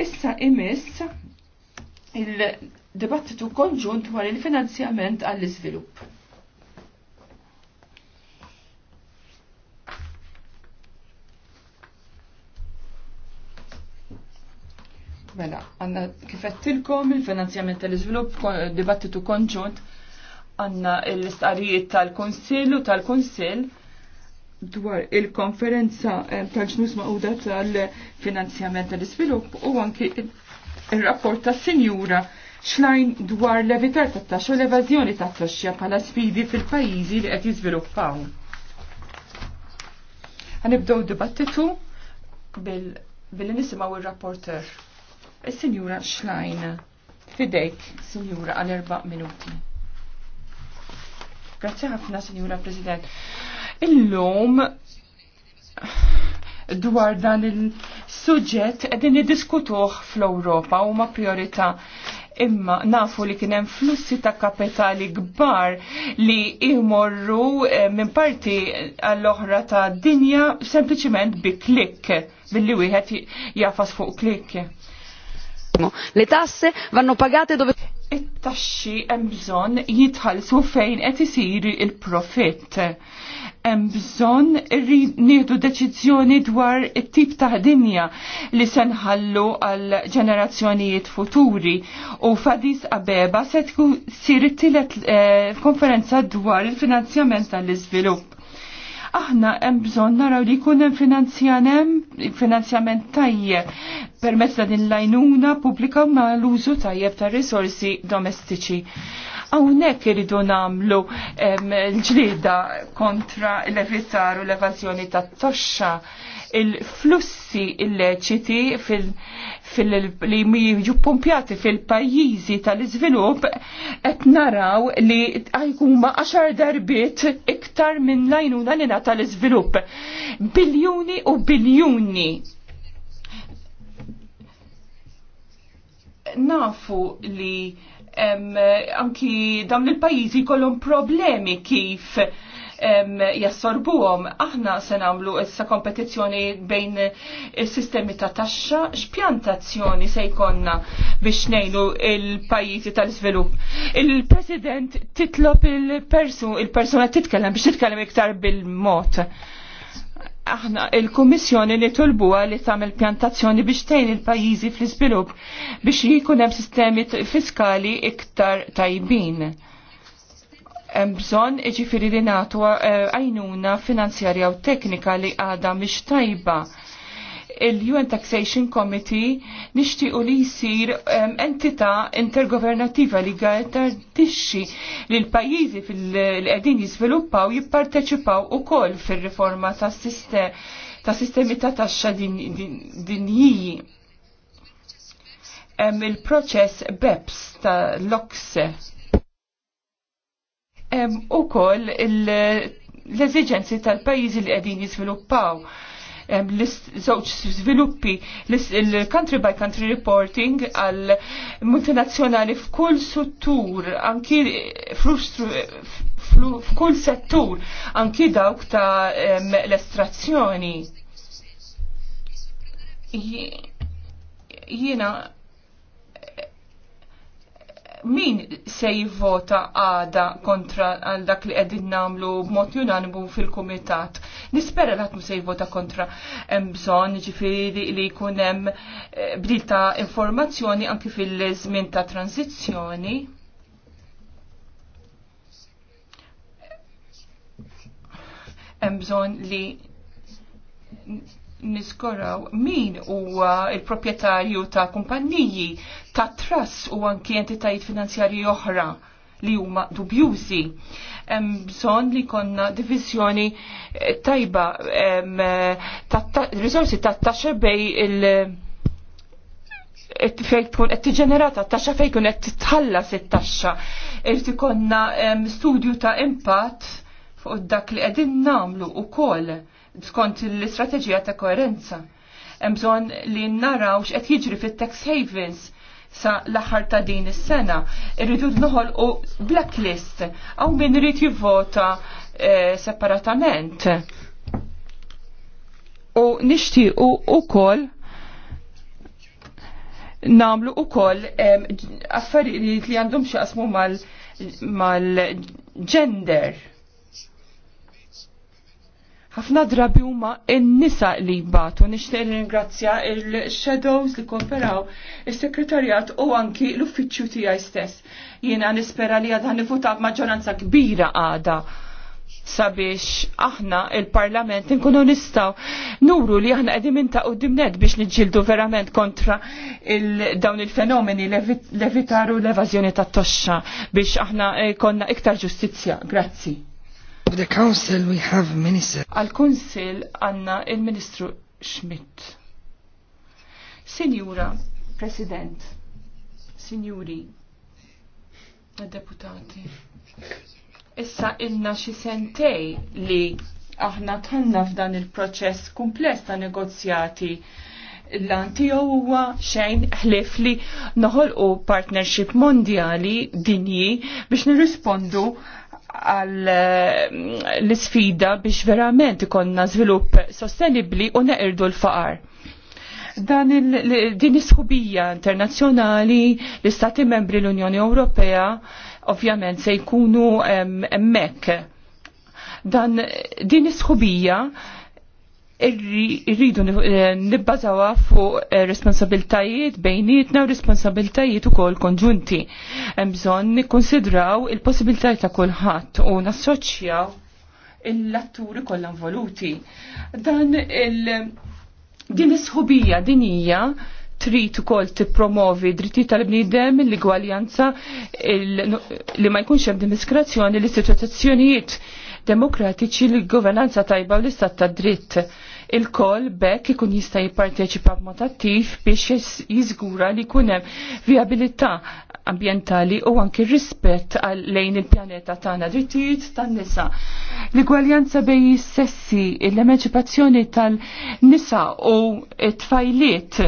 Issa imiss il-dibattitu konġunt dwar il-finanzjament għall-iżvilupp. Mela, għanna kifettilkom il-finanzjament tal-izvilupp, dibattitu konġunt, għanna l-istqarijiet tal-Konsillu tal-Konsill, dwar il-konferenza eh, tal-ġnus maquda tal-finanzjament tal-iżvilupp u anki il-rapport ta' sinjura xlajn dwar l-evitar ta' taxxa u l-evażjoni ta' taxxa bħala sfidi fil-pajjiżi li qed jiżviluppaw. Ħanibdew dibattitu billi nisimgħu il rapporter il sinjura Schlein. Fidejk, Sinjura, għal erba' minuti. Grazzi ħafna, Sinjura President. Illum dwar dan il-suġġett qegħdin niddiskutuh fl-Ewropa huma priorità imma nafu li kienem flussi ta' kapitali gbar li imorru eh, minn parti għall-oħra ta' dinja sempliciment bi klik, billi wieħed jafas fuq klik. Le tasse vanno pagate dove it-taxxi hemm bżonn jitħallsu fejn qed isir il-profitt. Hemm bżonn nieħdu deċiżjoni dwar it-tip ta' dinja li se nħallu għal ġenerazzjonijiet futuri u fadis Abeba se tkun sir it-tielet eh, konferenza dwar il-finanzjament tal-iżvilupp aħna hemm bżonn naraw li jkun hemm finanzjament tajjeb permezz ta' din lajnuna pubblika ma' l-użu tajjeb ta' risorsi domestiċi. Hawnhekk irridu nagħmlu l-ġlieda kontra l-evitar u l evazjoni tat-toxxa il-flussi illeċiti li jiġu pumpjati fil-pajjiżi tal-iżvilupp qed naraw li għajkuma għaxar darbiet iktar minn lajnuna l ina l-iżvilupp. Biljuni u biljuni nafu li em, anki dawn il-pajizi kollhom problemi kif jassorbuhom. Aħna se nagħmlu issa kompetizzjoni bejn is-sistemi ta' taxxa, x'pjantazzjoni se jkollna biex ngħinu il-pajjiżi tal-iżvilupp. Il-President titlob il persu il titkellem biex titkellem iktar bil-mod aħna il-Kummissjoni li tolbuha li tagħmel pjantazzjoni biex tgħin il-pajjiżi fl-iżvilupp biex jkun hemm sistemi fiskali iktar tajbin. Hemm bżonn iġifieri li nagħtu eh, għajnuna finanzjarja u teknika li għadha mhix tajba il-UN Taxation Committee nixtiequ li jsir entità intergovernativa li garantixxi li l-pajjiżi fil-qegħdin jiżviluppaw jipparteċipaw ukoll fir-riforma tas-sistem ta' sistemi ta' taxxa dinjiji. Hemm il-proċess BEPS ta' l-Okse. U kol l-eżiġenzi tal-pajjiżi li qegħdin jiżviluppaw l-żewġ sviluppi l-country by country reporting għal multinazzjonali f'kull suttur, anki f'kull settur, anki dawk ta' l-estrazzjoni. Jiena min se jivvota għada kontra għal dak li għedin namlu b'mod unanimu fil-komitat Nispera li ħatmu se jivvota kontra hemm ġifiri li jkun hemm eh, bdil ta' informazzjoni anki fil-żmien ta' tranzizzjoni. Hemm bżonn li niskoraw min huwa il-proprjetarju ta' kumpanniji ta' trass u anki entitajiet finanzjarji oħra li huma dubjużi. Hemm bżonn li konna diviżjoni eh, tajba eh, riżorsi tat-taxxa bej il- fejn tkun qed tiġenerata t-taxxa fejn kun qed titħallas it-taxxa. Irid ikonna studju ta' impatt fuq dak li qegħdin nagħmlu wkoll skont l-istrateġija ta' koerenza. Hemm bżonn li naraw x'qed jiġri fit-tax havens sa l-aħħar ta' din is-sena. Irridu noħol u blacklist għaw min irid jivvota eh, separatament. U nixtiequ ukoll namlu ukoll affarijiet li għandhom xaqsmu mal-ġender. mal gender mal ħafna drabi huma n-nisa li jbatu. Nixtieq ringrazzja il-shadows li kooperaw, is-sekretarjat u anki l-uffiċċju tiegħi stess. Jiena nispera li għadha nifuta maġġoranza kbira għada sabiex aħna il-parlament nkunu nistaw nuru li aħna qegħdin inta dimnet biex niġġieldu verament kontra il dawn il-fenomeni levitaru l-evażjoni tat-toxxa biex aħna eh, konna iktar ġustizzja. Grazzi. For the council we have minister. Al kunsil għanna il-ministru Schmidt. Sinjura, President, Sinjuri, deputati, issa inna xi sentej li aħna tanna f'dan il-proċess kumpless ta' negozjati l-lan tiegħu huwa xejn ħlif li noħolqu partnership mondjali dinji biex nirrispondu għal eh, l-sfida biex verament ikonna żvilupp sostenibli u neqirdu l-faqar. Dan din is-sħubija internazzjonali l-Istati Membri l-Unjoni Ewropea ovvjament se jkunu hemmhekk. Dan din is-sħubija irridu eh, nibbażawa fuq eh, responsabiltajiet bejnietna u responsabiltajiet ukoll konġunti. Hemm bżonn nikkonsidraw il-possibilitajiet ta' kulħadd u nassoċjaw l-atturi kollha involuti. Dan il- din is-sħubija din hija trid ukoll tippromovi drittijiet tal-bniedem, l-igwaljanza li ma jkunx hemm dimiskrazjoni l-istituzzjonijiet demokratiċi l-governanza tajba u l-istat ta' dritt il-koll bekk ikun jista' jipparteċipa b'mod attiv biex jiżgura li jkun hemm viabilità ambientali u anki rispett lejn il-pjaneta tagħna drittijiet tan-nisa. L-igwaljanza bejn is sessi, l-emanċipazzjoni tal-nisa u t-tfajliet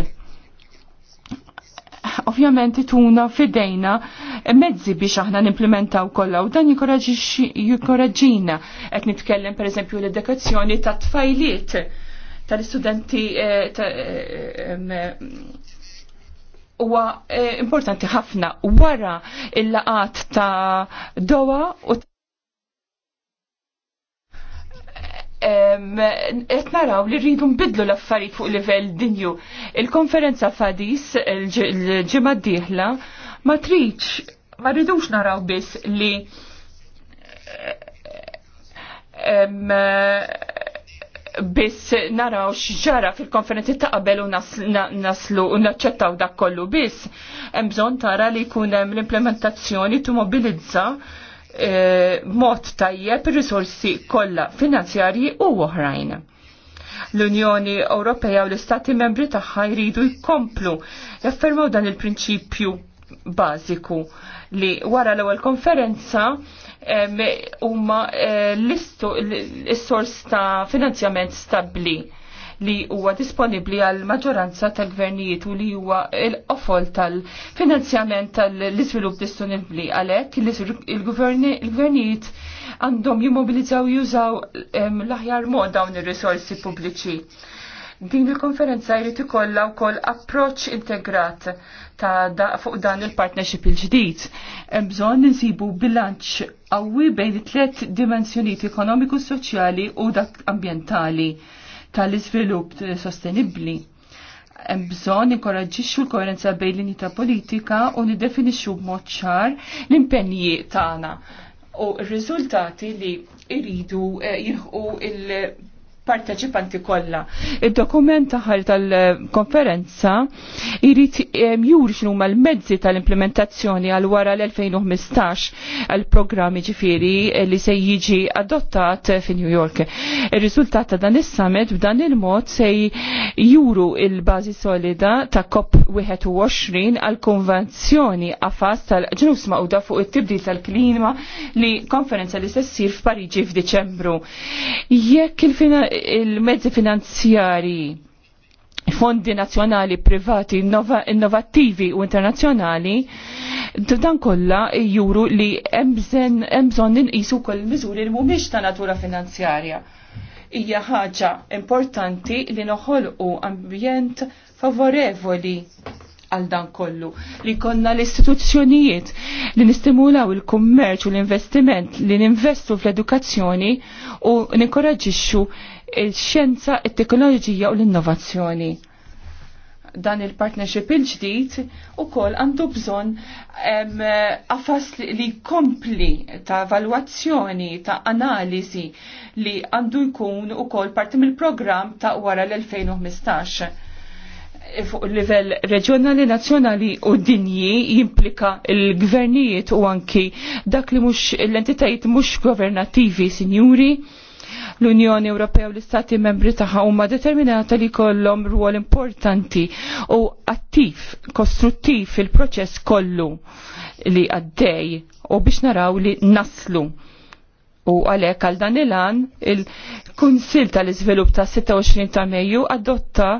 ovvjament tuna fidejna mezzi biex aħna nimplementaw kollha u dan jikoraġġina qed nitkellem pereżempju l-edukazzjoni ta' tfajliet tal-istudenti eh, eh, eh, huwa importanti ħafna wara il-laqat ta' Doha u qed naraw li rridu nbidlu l-affarijiet fuq livell dinju. Il-konferenza fadis il-ġimgħa d-dieħla ma tridx ma rridux naraw biss li biss naraw xġara fil-konferenzi ta' qabel u naslu u naċċettaw dak kollu biss, hemm bżonn tara li jkun hemm l-implementazzjoni mobilizza eh, mod tajjeb ir-risorsi kollha finanzjarji u oħrajn. L-Unjoni Ewropea u l-Istati membri tagħha jridu jkomplu jaffermaw dan il-prinċipju bażiku li wara l-ewwel konferenza huma eh, listu is sors ta' finanzjament stabbli li huwa disponibbli għal maġġoranza tal-gvernijiet u li huwa l-qofol tal-finanzjament tal-iżvilupp disponibbli għalhekk il-gvernijiet għandhom jimmobilizzaw jużaw l-aħjar mod dawn ir-risorsi pubbliċi Din il-konferenza jrid ikollha wkoll approċċ integrat ta' da, fuq dan il-partnership il-ġdid. Hemm bżonn insibu bilanċ qawwi bejn it-tliet dimensjonijiet ekonomiku, soċjali u dak ambjentali tal-iżvilupp sostenibbli. Hemm bżonn inkoraġġixxu l-koerenza bejn linji ta' politika u niddefinixxu b'mod ċar l-impenji tagħna u r-riżultati li jridu eh, jilħqu il- parteċipanti kollha. Id-dokument taħal tal-konferenza jrid juri huma l-mezzi tal-implementazzjoni għal wara l-2015 għal programmi ġifieri li se jiġi adottat fi New York. Ir-riżultat ta' dan is-summit b'dan il-mod se juru il-bażi solida ta' COP21 għal konvenzjoni għafas tal-ġnus maqda fuq it-tibdil tal-klima li konferenza li se ssir f'Pariġi f'Diċembru. Jekk il-fina il-mezzi finanzjari fondi nazjonali privati innovattivi u internazzjonali dan kollha juru li hemm bżonn inqisu wkoll miżuri li mhumiex ta' natura finanzjarja. Hija ħaġa importanti li noħolqu ambjent favorevoli għal dan kollu. Li konna l-istituzzjonijiet li nistimulaw il-kummerċ u l-investiment li ninvestu fl-edukazzjoni u ninkoraġixxu il-xjenza, it-teknoloġija u l-innovazzjoni. Dan il-partnership il-ġdid u kol għandu bżon għafas li kompli ta' valwazzjoni, ta' analizi li għandu jkun u kol parti mill-program ta' wara l-2015 fuq livell reġjonali, nazzjonali u dinji jimplika l gvernijiet u anki dak li mhux l-entitajiet mhux governattivi, sinjuri l-Unjoni Ewropea u l-Istati membri tagħha huma determinata li kollhom rwol importanti u attiv, kostruttiv fil-proċess kollu li għaddej u biex naraw li naslu. U għalek għal dan il-an, il-Kunsil tal-Izvilup ta' 26 ta' Mejju adotta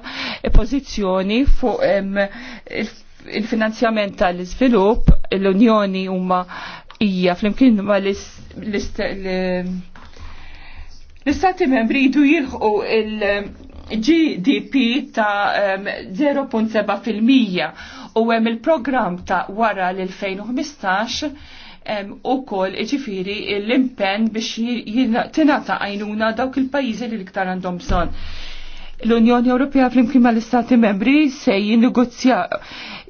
pozizjoni fuq il-finanzjament tal-Izvilup, l-Unjoni huma hija flimkien ma' l L-istati membri jdu jilħu il-GDP ta' 0.7% u hemm il-programm ta' wara l-2015 u kol iġifiri l-impen biex tinata għajnuna dawk il-pajizi li l-iktar għandhom bżon. L-Unjoni Ewropea fl-imkien mal-Istati membri se jinnegozja,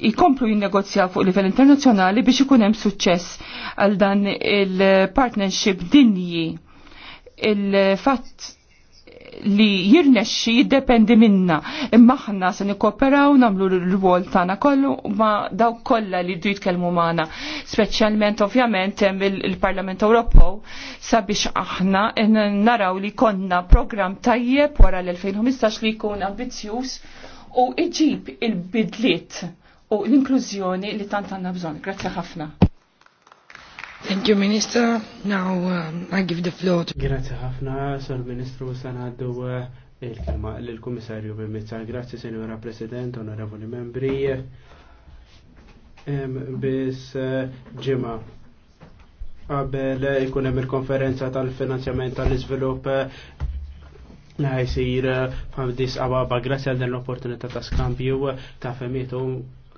jikomplu jinnegozja fuq livell internazzjonali biex ikun hemm suċċess għal dan il-partnership dinji il-fatt li jirnexxi jiddependi minna. Imma aħna se nikkooperaw nagħmlu l-rwol tagħna kollu ma dawk kollha li jdu jitkellmu magħna. Speċjalment ovvjament hemm il-Parlament Ewropew sabiex aħna naraw li konna programm tajjeb wara l-2015 li jkun ambizzjuż u iġib il-bidliet u l-inklużjoni li tant għandna bżonn. Grazzi ħafna. Thank you, Minister. Now um, I give the floor to... Grazie ħafna, Sir Ministru, sanaddu eh, il-kelma l-Komissarju Bimitsa. Grazie, Senora President, Onorevoli Membri. Bis eh, ġima qabel ikun hemm il-konferenza tal-finanzjament tal-iżvilupp eh, ħajsir f'Addis Ababa grazzi għal din l-opportunità ta' skambju ta' femietu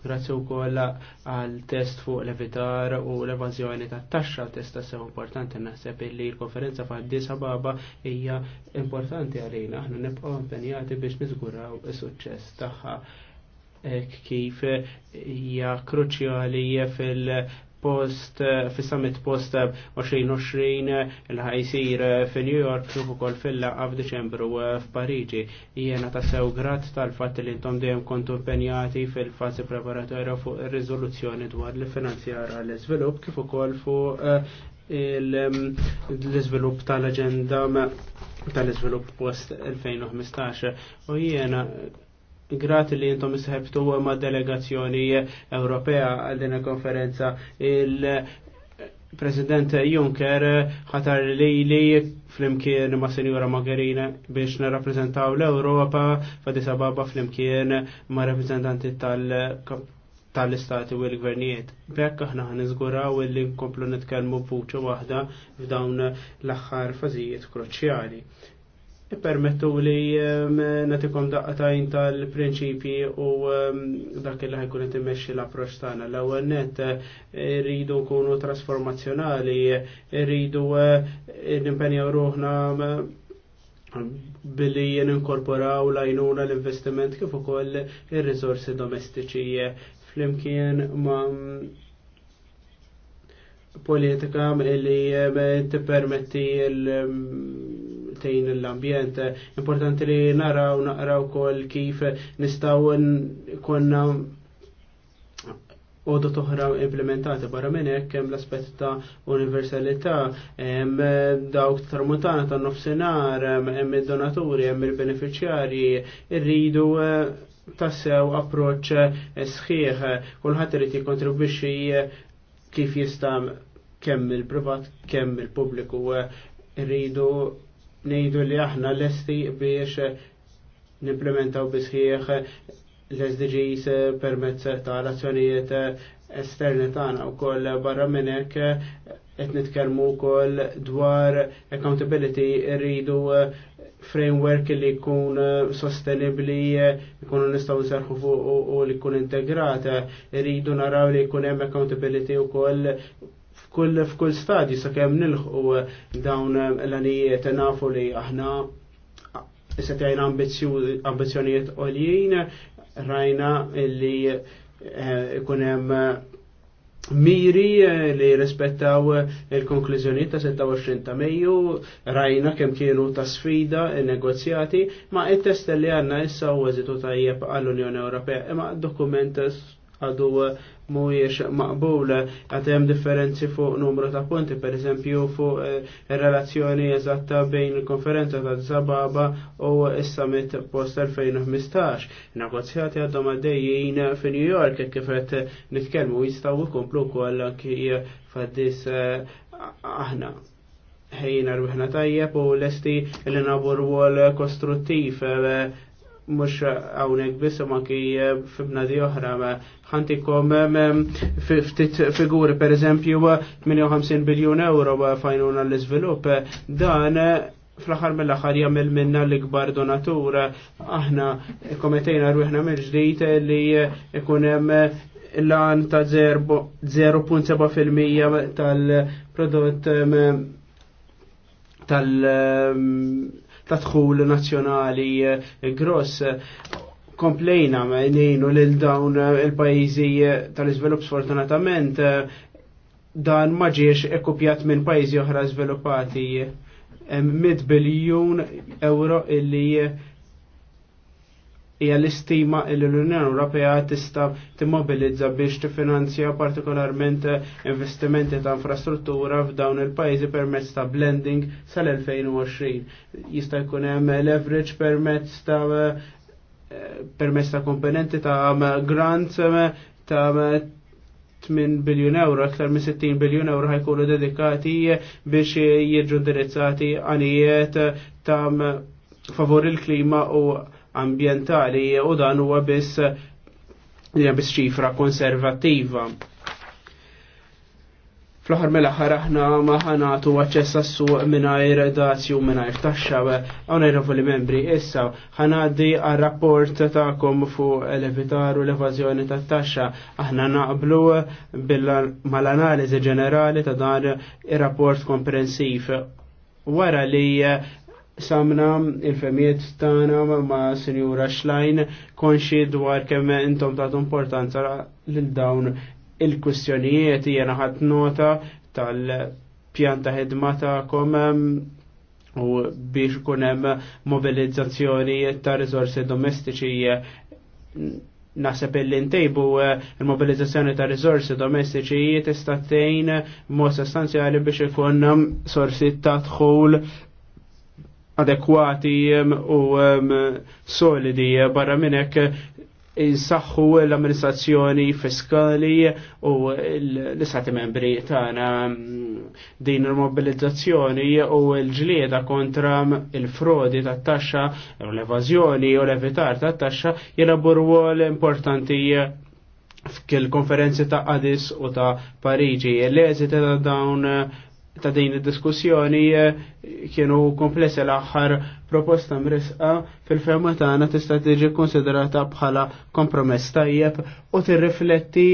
Grazzi wkoll għal test fuq l-evitar u l-evażjoni tat taxxa testa sew importanti naħseb li l-konferenza f'Addis Ababa hija importanti għalina aħna nibqgħu impenjati biex niżguraw is-suċċess tagħha kif hija kruċjali fil- post eh, fis-summit post 2020 eh, eh, il-ħajsir New York kif ukoll fil Deċembru f'Diċembru f'Pariġi. Jiena sew grat tal-fatt li intom dejjem kontu impenjati fil-fażi preparatorja fuq ir-riżoluzzjoni dwar li finanzjara l-iżvilupp kif ukoll fuq mm, l-iżvilupp tal-aġenda tal-iżvilupp post 2015 u jiena Grati li jintom isħebtu ma delegazzjoni Ewropea għal din konferenza il-President Juncker ħatar li li flimkien ma' Senjora Magherina biex nirrappreżentaw l-Ewropa fadi sababa flimkien ma' rappresentanti tal-istati u l-gvernijiet. Bekk aħna ħan iżguraw li nkomplu nitkellmu b'vuċa waħda f'dawn l-aħħar fażijiet kruċjali permettu li ehm, natikom daqta'jn tal-prinċipji u ehm, dak li ħajkun qed immexxi l-approċċ tagħna. L-ewwel net eh, rridu kunu trasformazzjonali, rridu eh, nimpenjaw ruħna ehm, billi jen inkorporaw lajnuna l-investiment kif ukoll ir-riżorsi domestiċi flimkien ma' politika li tippermetti l- tejn l-ambjent. Importanti li naraw, naqraw kol kif nistaw konna Odo toħra implementati barra minn hekk hemm l-aspett ta' universalità, hemm dawk tramuntana ta' nofsinhar, hemm il donaturi hemm il beneficjari irridu eh, tassew approċċ eh, sħiħ, kulħadd irid jikkontribwixxi eh, kif jista' kemm il-privat, kemm il-pubbliku rridu nejdu li aħna l-esti biex nimplementaw bisħieħ l-SDGs permezz ta' razzjonijiet esterni tagħna koll barra minn hekk qed nitkellmu wkoll dwar accountability rridu framework li jkun sostenibli jkunu nistgħu nserħu fuq u li jkun integrat rridu naraw li jkun hemm accountability wkoll f'kull f'kull stadju kemm nilħu eh, dawn eh, l-anijiet nafu li aħna se tgħin ambizzjonijiet għoljin rajna li eh, ikun hemm miri li rispettaw il-konklużjoni ta' 26 ta' Mejju, rajna kemm kienu ta' sfida negozjati, ma' il test li għanna issa u għazitu tajjeb għall-Unjoni Ewropea, imma dokument għadu eh, mujiex maqbul għatem differenzi fuq numru ta' punti, per eżempju fuq eh, relazzjoni eżatta bejn il-konferenza ta' Zababa u il-summit post 2015. Negozjati għaddom għaddejjien fi New York e kifet nitkelmu jistaw ikomplu kol anki faddis eh, aħna ħejna rbiħna tajjeb u l-esti l-nabur wol kostruttiv mux għawnek biss eh, ma ki f'bnadi oħra kom ftit figuri per eżempju 58 biljun euro fajnuna l-izvilup dan eh, fl-axar mill-axar jammil minna l-ikbar donatura aħna kometejna rwiħna mill-ġdijt li eh, ikunem l-għan ta' 0.7% tal-prodott tal- ta' tħul nazzjonali eh, gross komplejna nejnu lil dawn eh, il-pajizi eh, tal izvelup sfortunatament dan ma ġiex ekkupjat minn pajizi oħra żviluppati mid biljun euro illi hija l-istima li l-Unjoni Ewropea tista' timmobilizza biex tiffinanzja partikolarment investimenti ta' infrastruttura f'dawn il-pajjiżi permezz ta' blending sal-2020. Jista' jkun hemm leverage permezz ta' permezz ta' komponenti ta' grants ta' 8 biljun euro, aktar minn 60 biljun euro ħajkunu dedikati biex jiġu indirizzati għanijiet ta' favori l-klima u ambientali u dan huwa biss biss ċifra konservattiva. Fl-aħħar mill-aħħar aħna ma ħanatu aċċess għas-suq mingħajr dazju mingħajr taxxa li membri issa ħanaddi għar rapport tagħkom fuq l evitaru u l-evażjoni tat-taxxa aħna naqblu mal-analiżi ġenerali ta' dan ir-rapport komprensiv wara li samna il femiet tana ma' Sinjura Schlein konxi dwar kemm intom ta' importanza lil dawn il-kwistjonijiet jena ħadd nota tal-pjan ta' ħidma ta'kom u biex ikun hemm mobilizzazzjoni ta' riżorsi domestiċi naħseb illi ntejbu eh, il-mobilizzazzjoni ta' riżorsi domestiċi tista' tgħin mod sostanzjali biex ikun sorsi ta' dħul adekwati u solidi barra minnek insaħħu l-amministrazzjoni fiskali u l-istati membri tagħna din il-mobilizzazzjoni u l-ġlieda kontra il-frodi tat-taxxa u l-evażjoni u l-evitar tat-taxxa jilabu rwol importanti f'kil konferenzi ta' Addis u ta' Parigi L-eżit ta' dawn ta' din id-diskussjoni eh, kienu komplessi l-aħħar proposta mrisqa fil-ferma tagħna tista' tiġi konsiderata bħala kompromess tajjeb u tirrifletti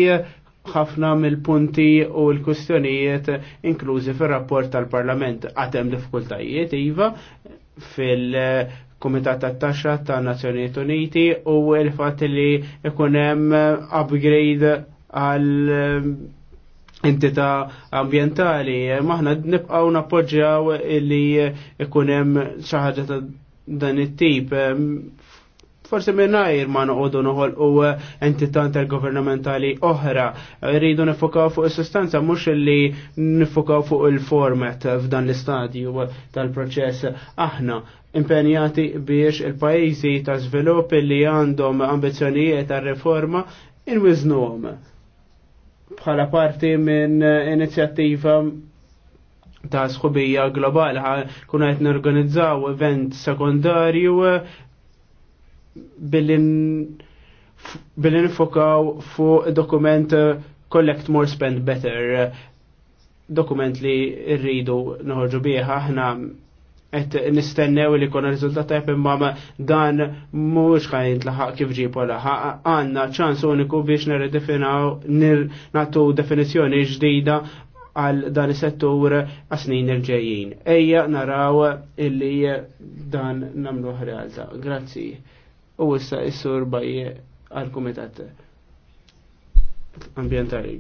ħafna mill-punti u l-kustjonijiet inklużi fil-rapport tal-Parlament għatem diffikultajiet iva fil-Komitat tat-Taxxa ta' Nazzjonijiet Uniti u l-fatt li ikun hemm upgrade għal entità ambientali. ħna nibqaw nappoġġjaw li ikun hemm xi ħaġa ta' dan it-tip. Forse minnajr ma noqogħdu noħol u entità intergovernamentali oħra. Rridu nifokaw fuq is sustanza mhux li nifokaw fuq il-format f'dan l-istadju tal-proċess. Aħna impenjati biex il pajjiżi ta' żvilupp li għandhom ambizzjonijiet ta' reforma inwiżnuhom bħala parti minn eh, inizjattiva ta' sħubija globali kuna qed norganizzaw event sekundarju billin eh, billi nifokaw fuq dokument eh, collect more spend better dokument li rridu nħorġu bieħa ħna et nistennew li kona rizultat tajb imma dan mux ħajn tlaħaq kif ġipu laħaq għanna ċans uniku biex nirredefinaw nagħtu definizzjoni ġdida għal dan is-settur għasnin il-ġejjin. Ejja naraw illi dan namluħ realta. Grazzi. U issa is-sur bajje għal-Kumitat Ambientali.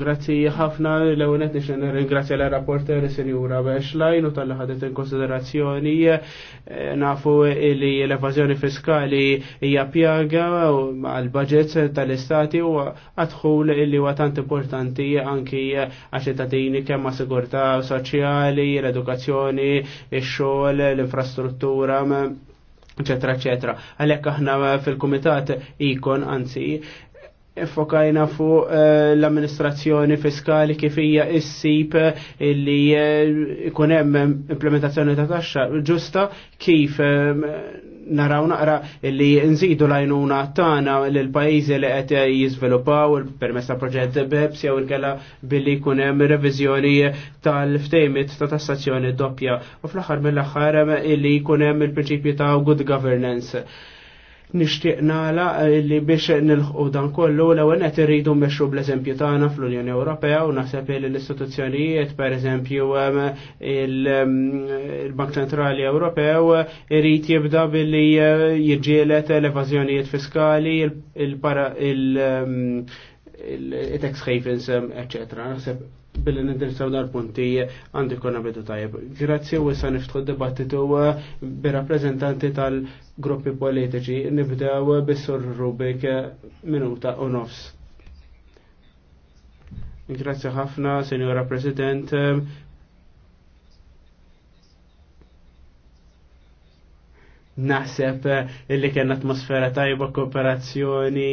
Grazzi ħafna l-ewnet nixen ringrazzja l-rapporter Senjura Bexlajn u tal ħadet in konsiderazzjoni eh, nafu li l-evazjoni fiskali hija pjaga għal budget tal-istati u għadħul li huwa tant importanti anki għax-ċittadini kemm ma' sigurtà soċjali, l-edukazzjoni, ix-xogħol, l-infrastruttura eccetera, eccetera. Għalek aħna fil-komitat ikon, anzi, Fokajna fuq eh, l-amministrazzjoni fiskali kif hija s-sip eh, li eh, ikun hemm implementazzjoni ta' taxxa ġusta kif naraw naqra li nżidu lajnuna tagħna lil pajjiżi li qed jiżviluppaw permezz ta' proġett BEPS jew inkella billi jkun hemm reviżjoni tal-ftejmit ta' tassazzjoni doppja u fl-aħħar mill-aħħar li jkun hemm il-prinċipju ta' good governance nixtieq nagħla eh, li biex nilħqu dan kollu l ewwel qed irridu mmexxu bl-eżempju tagħna fl-Unjoni Ewropea u naħseb li l-istituzzjonijiet pereżempju il-Bank Centrali Ewropew irid jibda billi eh, jiġġieled l-evażjonijiet fiskali il-tax havens, eccetera billi nindirizzaw dal-punti għandi konna bidu tajb. Grazzi u issa niftħu dibattitu uh, bi rappresentanti tal-gruppi politiċi. Nibdew uh, bis-sur Rubik uh, minuta u nofs. Grazzi ħafna, Senjora President. Naħseb illi kien atmosfera tajba kooperazzjoni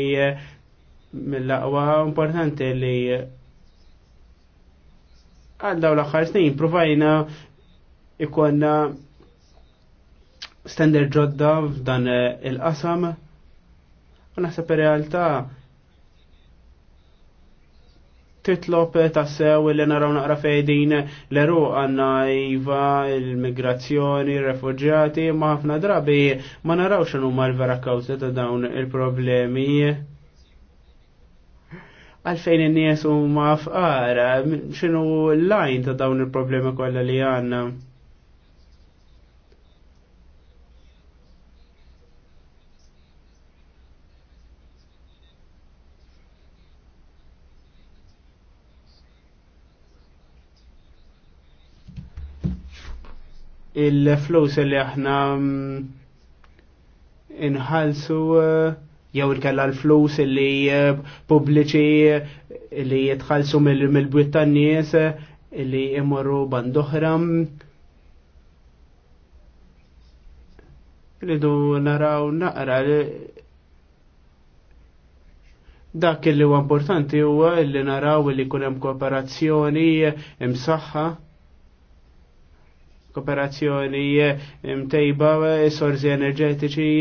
mill-laqwa importanti li għal daw l-axar snin provajna ikonna standard ġodda f'dan eh, il-qasam u naħseb realtà titlop tassew li naraw naqra fejdin l-eru għanna jiva il-migrazzjoni, il-refugġati, ma ħafna drabi ma narawx l vera kawza ta' dawn il-problemi għalfejn n nies u mafqara, xinu l-lajn ta' dawn il-problemi kolla li għanna? il-flows li aħna mm, inħalsu uh, jew irkella l-flus li eh, pubbliċi li jitħallsu mill-bwiet nies li imorru bandoħram. Ridu naraw naqra dak li huwa importanti huwa li naraw li jkun hemm kooperazzjoni imsaħħa kooperazzjoni mtejba, sorzi enerġetiċi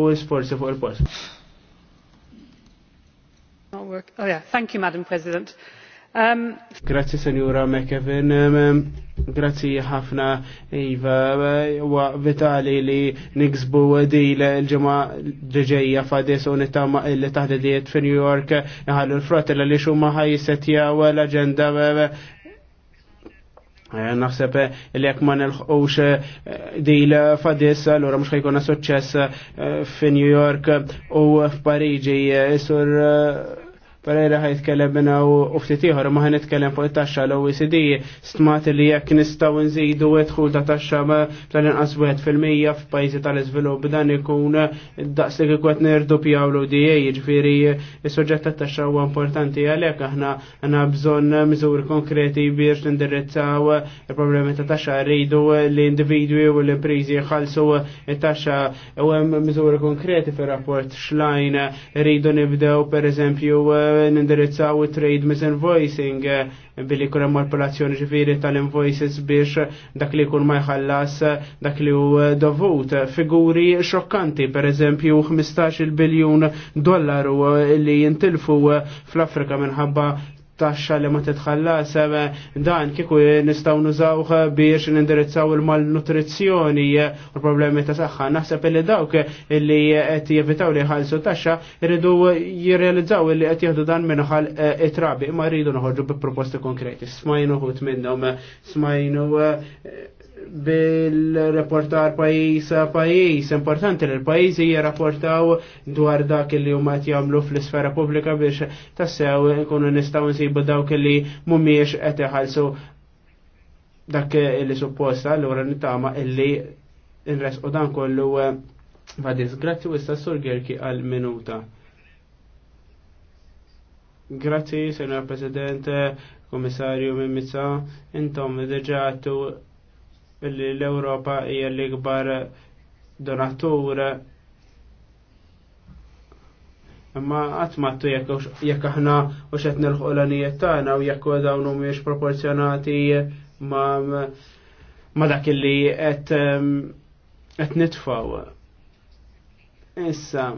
u sforzi fuq il-post work. Oh yeah, thank you, Madam President. Um... Grazie, signora McEvin. Um, um, Grazie ħafna, Iva, um, wa vitali li niksbu di l-ġemma ġeġeja fadis unita illi taħdediet fi New York, ħallu l-frotella li xumma ħaj setjaw l-agenda Naħseb li jekk ma nilħqux uh, l fadis, l allura mux ħajkuna suċċess uh, fi New York u f'Pariġi. Uh, sur Pereira ħaj jitkellem bina u ftit ieħor ma ħan nitkellem fuq it-taxxa l-OECD stmat li jekk nistgħu nżidu dħul ta' taxxa tal in wieħed fil-mija f'pajjiżi tal-iżvilupp dan ikun daqs li kieku nirdu pjaw l-ODA jiġifieri is-suġġett tat-taxxa huwa importanti għalhekk aħna għandna bżonn miżuri konkreti biex nindirizzaw il-problemi ta' taxxa rridu l-individwi u l-imprizi jħallsu it-taxxa u hemm miżuri konkreti fir-rapport xlajn rridu nibdew pereżempju nindirizzaw trade misinvoicing eh, billi kun manipolazzjoni ġifiri tal-invoices biex dak li kun ma jħallas dak li hu eh, dovut. Figuri xokkanti, per eżempju 15 biljun dollaru eh, li jintilfu fl-Afrika minħabba taxxa li ma titħallas eh, dan kieku nistgħu nużawh biex nindirizzaw il-malnutrizzjoni u problemi ta' saħħa. Naħseb li dawk li qed jevitaw li jħallsu taxxa jridu jirrealizzaw li qed jieħdu dan minħal eh, it-trabi, imma rridu noħorġu bi proposti konkreti. Smajnu ħut minnhom, eh, smajnu bil-reportar pajis pajis. Importanti li l-pajizi jirrapportaw dwar dak li huma jagħmlu fl-isfera pubblika biex tassew kunu nistgħu nsibu dawk li mhumiex qed iħallsu dak li supposta allura nittama illi nres u dan kollu eh, vadis. Grazzi u issa sur għal minuta. Grazzi, Senor President, Komissarju Mimica, intom deġatu li l-Europa hija l-ikbar donatur imma għatmattu jekk aħna u xet nilħu l-għanijiet tagħna u jekk dawn mhumiex proporzjonati ma ma dak li qed qed Issa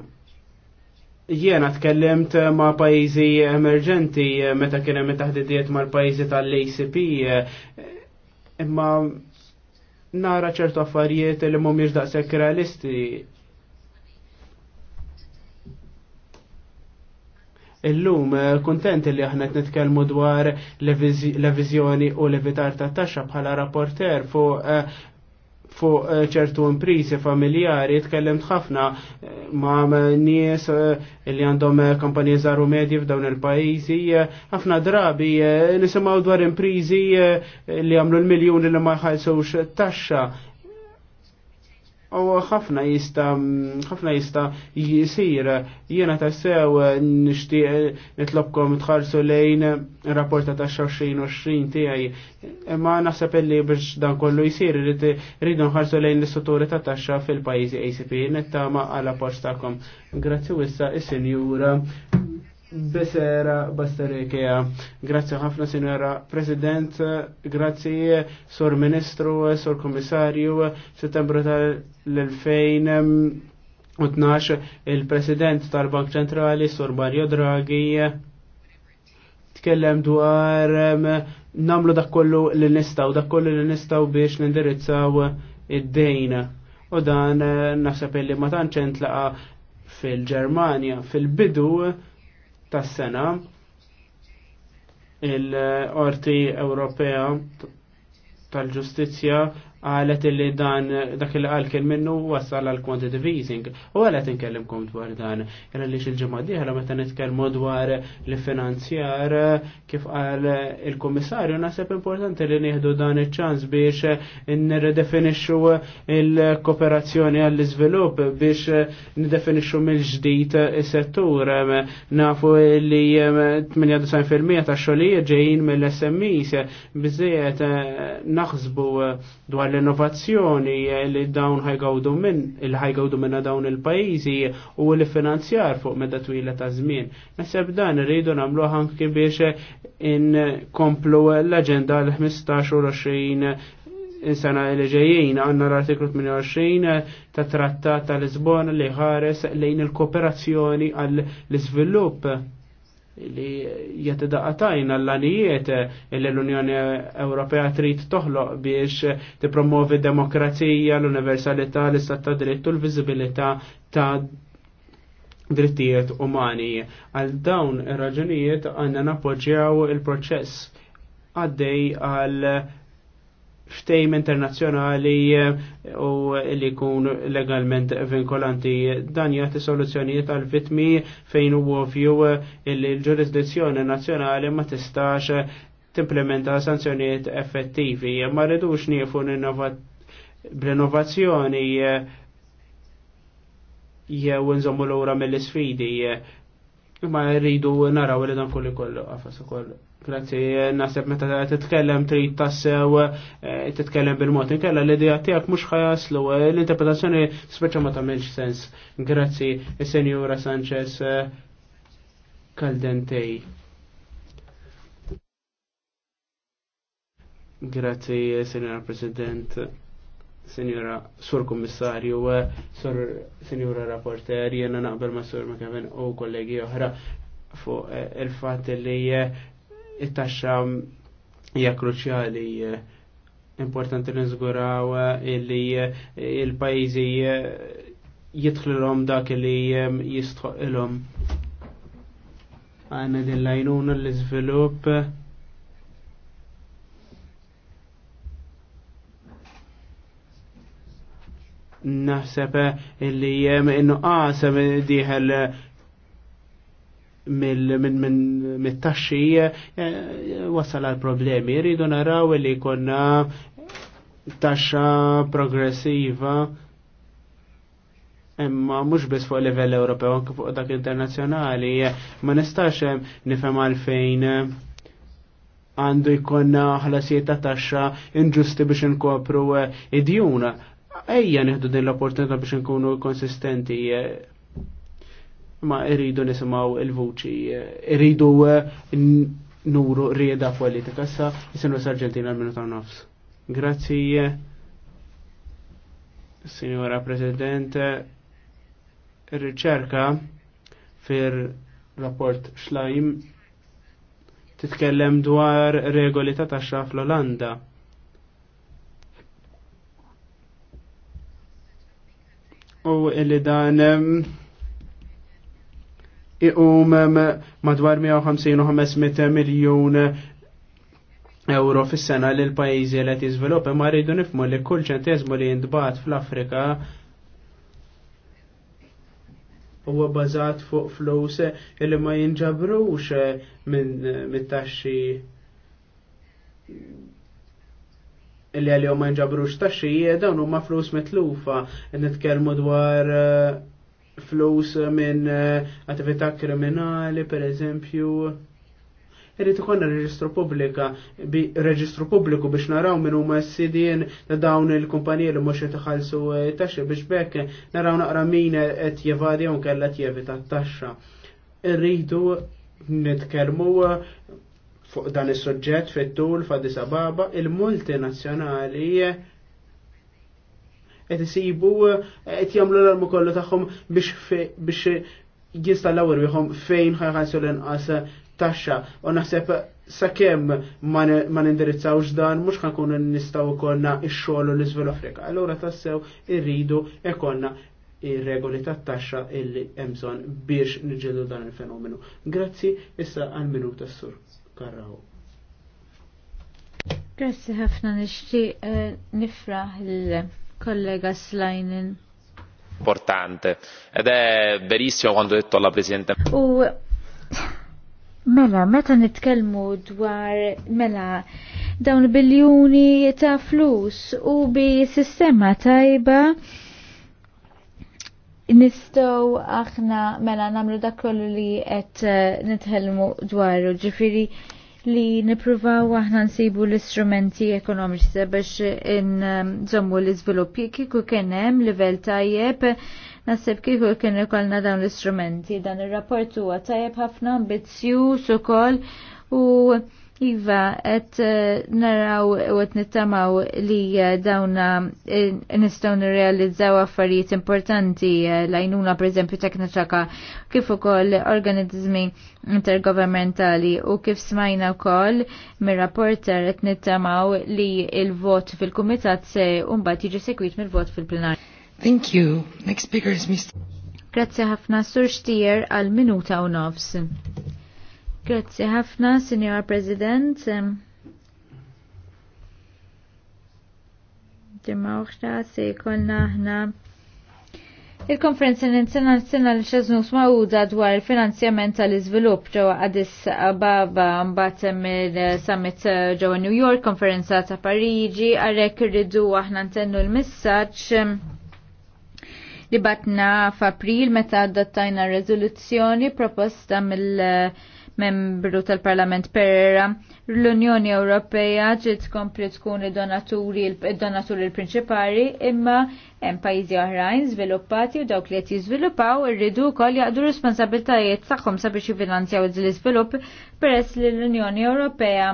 jiena tkellimt ma' pajjiżi emerġenti meta kien hemm it taħdidiet mal-pajjiżi tal-ACP imma nara ċertu affarijiet li mhumiex daqshekk realisti. Illum eh, kuntent li aħna qed nitkellmu dwar l-viżjoni u l-evitar ta' taxxa bħala rapporter fuq eh, fuq eh, ċertu imprizi familjari, tkellimt ħafna eh, ma' nies eh, li għandhom kampanji zaru medji f'dawn il-pajizi, ħafna drabi nisimaw dwar imprizi li għamlu l-miljoni li ma jħalsewx taxxa u ħafna jista ħafna jista jisir jiena tassew nixtieq nitlobkom tħarsu lejn rapporta ta' 2020 tiegħi. Ma naħseb illi biex dan kollu jsir rridu nħarsu lejn l-istruturi ta' taxxa fil-pajjiżi ACP nittama għal appoġġ tagħkom. Grazzi wissa is senjura Besera Basterikea. Grazie ħafna, Sinjora President, grazzi, Sor Ministru, Sor Komissarju, settembru tal-2012, il-President tal-Bank Ċentrali, Sor Mario Draghi, tkellem dwar namlu dak kollu l-nistaw, dak kollu l-nistaw biex nindirizzaw id dejn U dan eh, naħseb li ma tantx laqa fil-Ġermanja, fil-bidu tas-sena il-Qorti Ewropea tal-Ġustizzja għalet illi dan dak il għal kien minnu wassal għal quantitative easing u għalet nkellimkom dwar dan għal li xil-ġemma meta nitkellmu dwar li finanzjar kif għal il-komissarju nasib importanti li nieħdu dan il ċans biex nirredefinixxu il-kooperazzjoni għall iżvilupp biex nidefinixxu mill-ġdid is-settur nafu li 98% ta' xogħlijiet ġejjin mill-SMEs biżejjed naħsbu dwar l-innovazzjoni li dawn ħajgawdu minn il ħajgawdu minna dawn il-pajjiżi u l-finanzjar fuq meta twila ta' żmien. Naseb dan irridu nagħmlu anki biex komplu l-aġenda l-15 u l-20 insana li ġejjin għanna l-artiklu 28 ta' trattat tal Lisbon li ħares lejn il-kooperazzjoni għall-iżvilupp li jatidaqatajn għall lanijiet eh, li l-Unjoni Ewropea trid toħloq biex tipromovi demokrazija, l-universalità, l-istat ta' dritt u l-viżibilità ta' drittijiet umani. Għal dawn ir-raġunijiet għandna nappoġġjaw il-proċess għaddej għal ftejm internazzjonali eh, u li kun legalment vinkolanti. Dan jagħti soluzzjonijiet għal vitmi fejn u ovvju eh, li l-ġurisdizzjoni nazzjonali ma tistax eh, timplementa sanzjonijiet effettivi. Ma rridux niefu bl-innovazzjoni jew nżommu l-ura mill-sfidi Imma rridu naraw li dan kulli kollu, għafas kollu. Grazzi, nasib meta titkellem trid tassew, eh, titkellem bil-mod. Inkella l-idea tiegħek mhux ħajaslu, eh, l-interpretazzjoni speċa ma tamilx sens. Grazzi, senjura Sanchez eh, Caldentej. Grazzi, Signor President. Senjora Sur Kommissarju, eh, Sur Senjora Rapporter, jena naqbel ma' Sur McKevin u kollegi oħra fuq eh, il-fat li eh, it-taxxa hija kruċjali importanti li nżguraw li il-pajjiżi jidħlilhom dak li jistħoqilhom. Għanna din l lajnuna l-iżvilupp naħseb illi innuqqas diħel min, taxxija eh, eh, wasal għal problemi. Rridu naraw li konna taxxa progressiva imma mhux biss fuq livell Ewropew anke fuq dak internazzjonali ma nistax eh, nifhem għalfejn għandu jkun ħlasijiet ta' taxxa inġusti biex inkopru id-djuna ejja neħdu din l-opportunità biex nkunu konsistenti eh, ma irridu nisimaw il-vuċi, eh, irridu eh, nuru rieda politika. Sa jisinu sarġentina l-minuta nofs. Grazzi, Signora Presidente, riċerka fir rapport Schleim titkellem dwar regoli ta' taxxa fl-Olanda u illi dan iqum madwar 155 500 miljon euro fis-sena l pajjiżi li qed jiżviluppa ma rridu nifmu li kull ċenteżmu li jintbagħat fl-Afrika huwa bażat fuq flus li ma jinġabrux minn mit-taxxi li għalihom ma nġabrux taxxija dawn huma flus mitlufa nitkellmu dwar eh, flus minn eh, attività kriminali per eżempju irrid ikollna reġistru pubblika bi reġistru pubbliku biex naraw minn huma s-sidien ta' dawn il-kumpaniji li mhux qed iħallsu eh, taxxi biex bekk naraw naqra min qed jevadi jew kellha tjevita t-taxxa. Irridu nitkellmu fuq dan is-suġġett fit-tul f'Addis Ababa il-multinazzjonali qed isibu qed jagħmlu l armu kollu tagħhom biex biex jinstallaw irwieħhom fejn ħajħassu l-inqas taxxa u naħseb sakemm ma nindirizzawx dan mhux ħankunu nistgħu ikollna x-xogħol u l-iżvilu Afrika. Allura tassew irridu ikollna ir-regoli tat-taxxa illi hemm biex niġġieldu dan il-fenomenu. Grazzi issa għal minuta s-sur. Karraw. Grazzi ħafna nixtieq eh, nifraħ il-kollega Slajnin. Importante. Ed è verissimo quando detto alla Presidente. U mela, meta nitkellmu dwar mela dawn biljuni ta' flus u bi sistema tajba nistow aħna mela namlu dak kollu li qed eh, nitħelmu dwaru ġifiri li nipruvaw aħna nsibu l-istrumenti ekonomiċi biex nżommu ehm, l iżviluppi kieku kien hemm livell tajjeb Nasib kieku kien ikollna dawn l-istrumenti dan ir-rapport huwa tajjeb ħafna ambizzjuż ukoll u Iva, et eh, naraw u et nittamaw li eh, dawna eh, nistaw nirrealizzaw affarijiet importanti lajnuna per eżempju tekniċaka kif ukoll organizmi intergovernmentali u kif smajna wkoll mir-rapporter et nittamaw li il-vot fil-kumitat se umbat jiġi sekwit mill-vot fil-plenar. Thank you. Next speaker is Mr. Grazie ħafna sur Stier għal minuta u nofs. Grazzi ħafna, Signor President. Ġemma uħra se jkollna ħna Il-konferenza internazzjonali ċażnus mawda dwar il-finanzjament tal-iżvilupp ġewwa Addis Ababa mbagħad hemm il-summit eh, ġewwa New York, konferenza ta' Pariġi, għalhekk irridu aħna ntennu l missaġġ li batna f'April meta adottajna r-reżoluzzjoni proposta mill- membru tal-Parlament Perera, l-Unjoni Ewropea ġiet tkompli tkun id-donaturi il prinċipali imma hemm pajjiżi oħrajn żviluppati u dawk li qed jiżviluppaw irridu wkoll jaqdu responsabiltajiet tagħhom sabiex jifinanzjaw l-iżvilupp peress li l-Unjoni Ewropea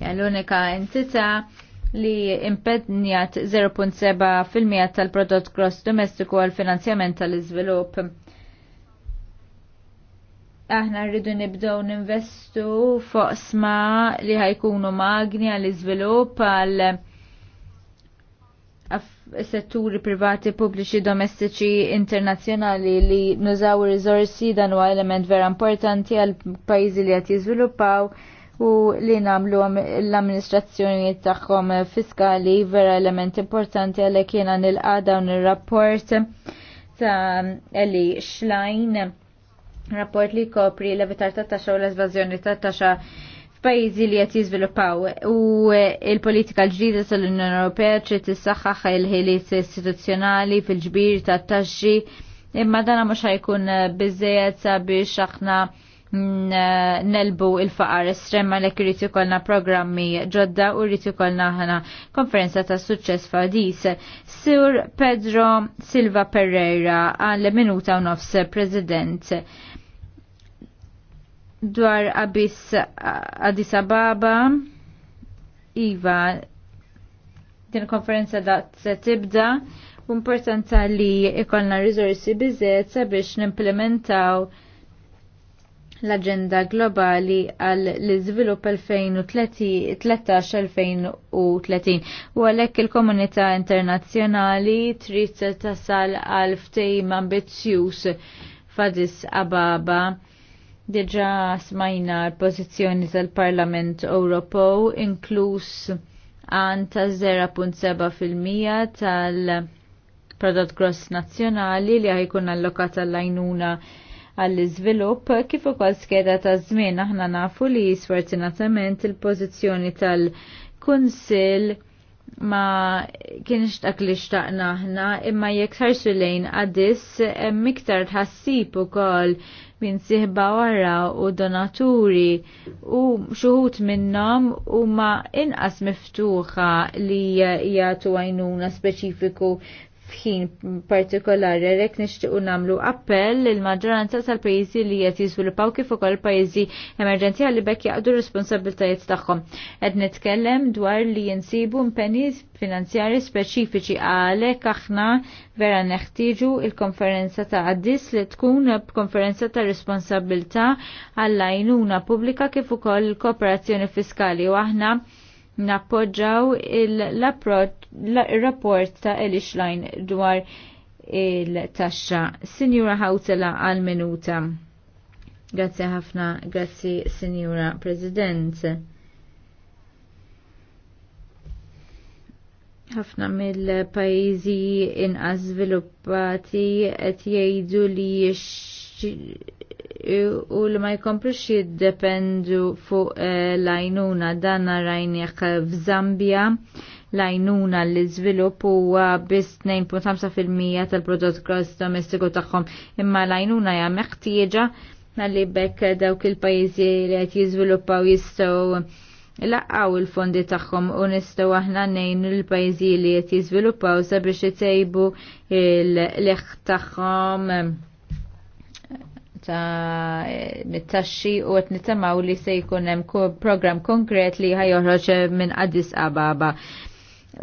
Ja l-unika entità li impedniat 0.7% tal-prodott gross domestiku għal finanzjament tal-iżvilupp aħna rridu nibdew ninvestu fuq sma li ħajkunu magni għal iżvilupp għal setturi privati pubbliċi domestiċi internazzjonali li nużaw risorsi dan huwa element vera importanti għal pajjiżi li qed jiżviluppaw u li namlu l-amministrazzjoni tagħhom fiskali vera element importanti għalhekk jiena nilqa' dawn ir-rapport ta' Eli Schlein rapport li kopri l-evitar ta' taxa u l-eżvażjoni ta' taxxa f'pajjiżi li qed jiżviluppaw u eh, l-politika l-ġdida tal-Unjoni Ewropea trid tissaħħaħ il-ħiliet istituzzjonali fil-ġbir ta' taxxi imma dana mhux ħajkun biżejjed sabiex aħna eh, nelbu il-faqar estremma għalhekk irid ikollna programmi ġodda u rrid ikollna aħna konferenza ta' suċċess fadis. Sur Pedro Silva Pereira għal minuta u nofs President dwar Abis Addis Ababa, Iva, din konferenza da se tibda, u importanza li ikonna rizorsi bizet sabiex nimplementaw l-agenda globali għal l-izvilup 2013-2030 u għalek il-komunità internazjonali trid tasal għal ftejm ambizzjuż fadis Ababa Diġa smajna l-pozizjoni tal-Parlament Ewropew inkluż għan ta' 0.7% tal-prodott gross nazzjonali li ħajkun allokata l-lajnuna għall-iżvilupp kif ukoll skeda ta' żmien aħna nafu li sfortunatament il-pożizzjoni tal-Kunsill ma kienx dak li xtaqna aħna imma jekk ħarsu lejn għadis hemm iktar tħassib ukoll minn siħba wara u donaturi u xuħut minnom u ma inqas miftuħa li jgħatu għajnuna speċifiku f'ħin partikolari rek nixtiequ nagħmlu appell il maġġoranza tal-pajjiżi li qed jiżviluppaw kif ukoll pajjiżi emerġenzjali bekk jaqdu responsabbiltajiet tagħhom. Qed nitkellem dwar li jinsibu impenji finanzjari speċifiċi għalhekk aħna vera neħtieġu il-konferenza ta' għaddis li tkun konferenza ta' responsabilità għall-għajnuna pubblika kif ukoll kooperazzjoni fiskali u aħna nappoġġaw l-approċċ il-rapport ta' Eli Schlein dwar il-taxxa. Sinjura Hawtela għal-minuta. Grazzi ħafna, grazzi Sinjura President. ħafna mill-pajizi inqas sviluppati qed jgħidu li u li ma jkomplux jiddependu fuq eh, l-għajnuna dan rajnieħ f'Zambia lajnuna l-izvilup huwa biss 2.5% tal-prodott gross domestiku tagħhom imma lajnuna hija meħtieġa li bekk dawk il-pajjiżi li qed jiżviluppaw jistgħu laqgħu il-fondi tagħhom u nistgħu aħna ngħin l-pajjiżi li qed jiżviluppaw sabiex itejbu l leħħ tagħhom ta' mit-taxxi u qed nitemgħu li se jkun hemm program konkret li ħajoħroġ minn qadis qababa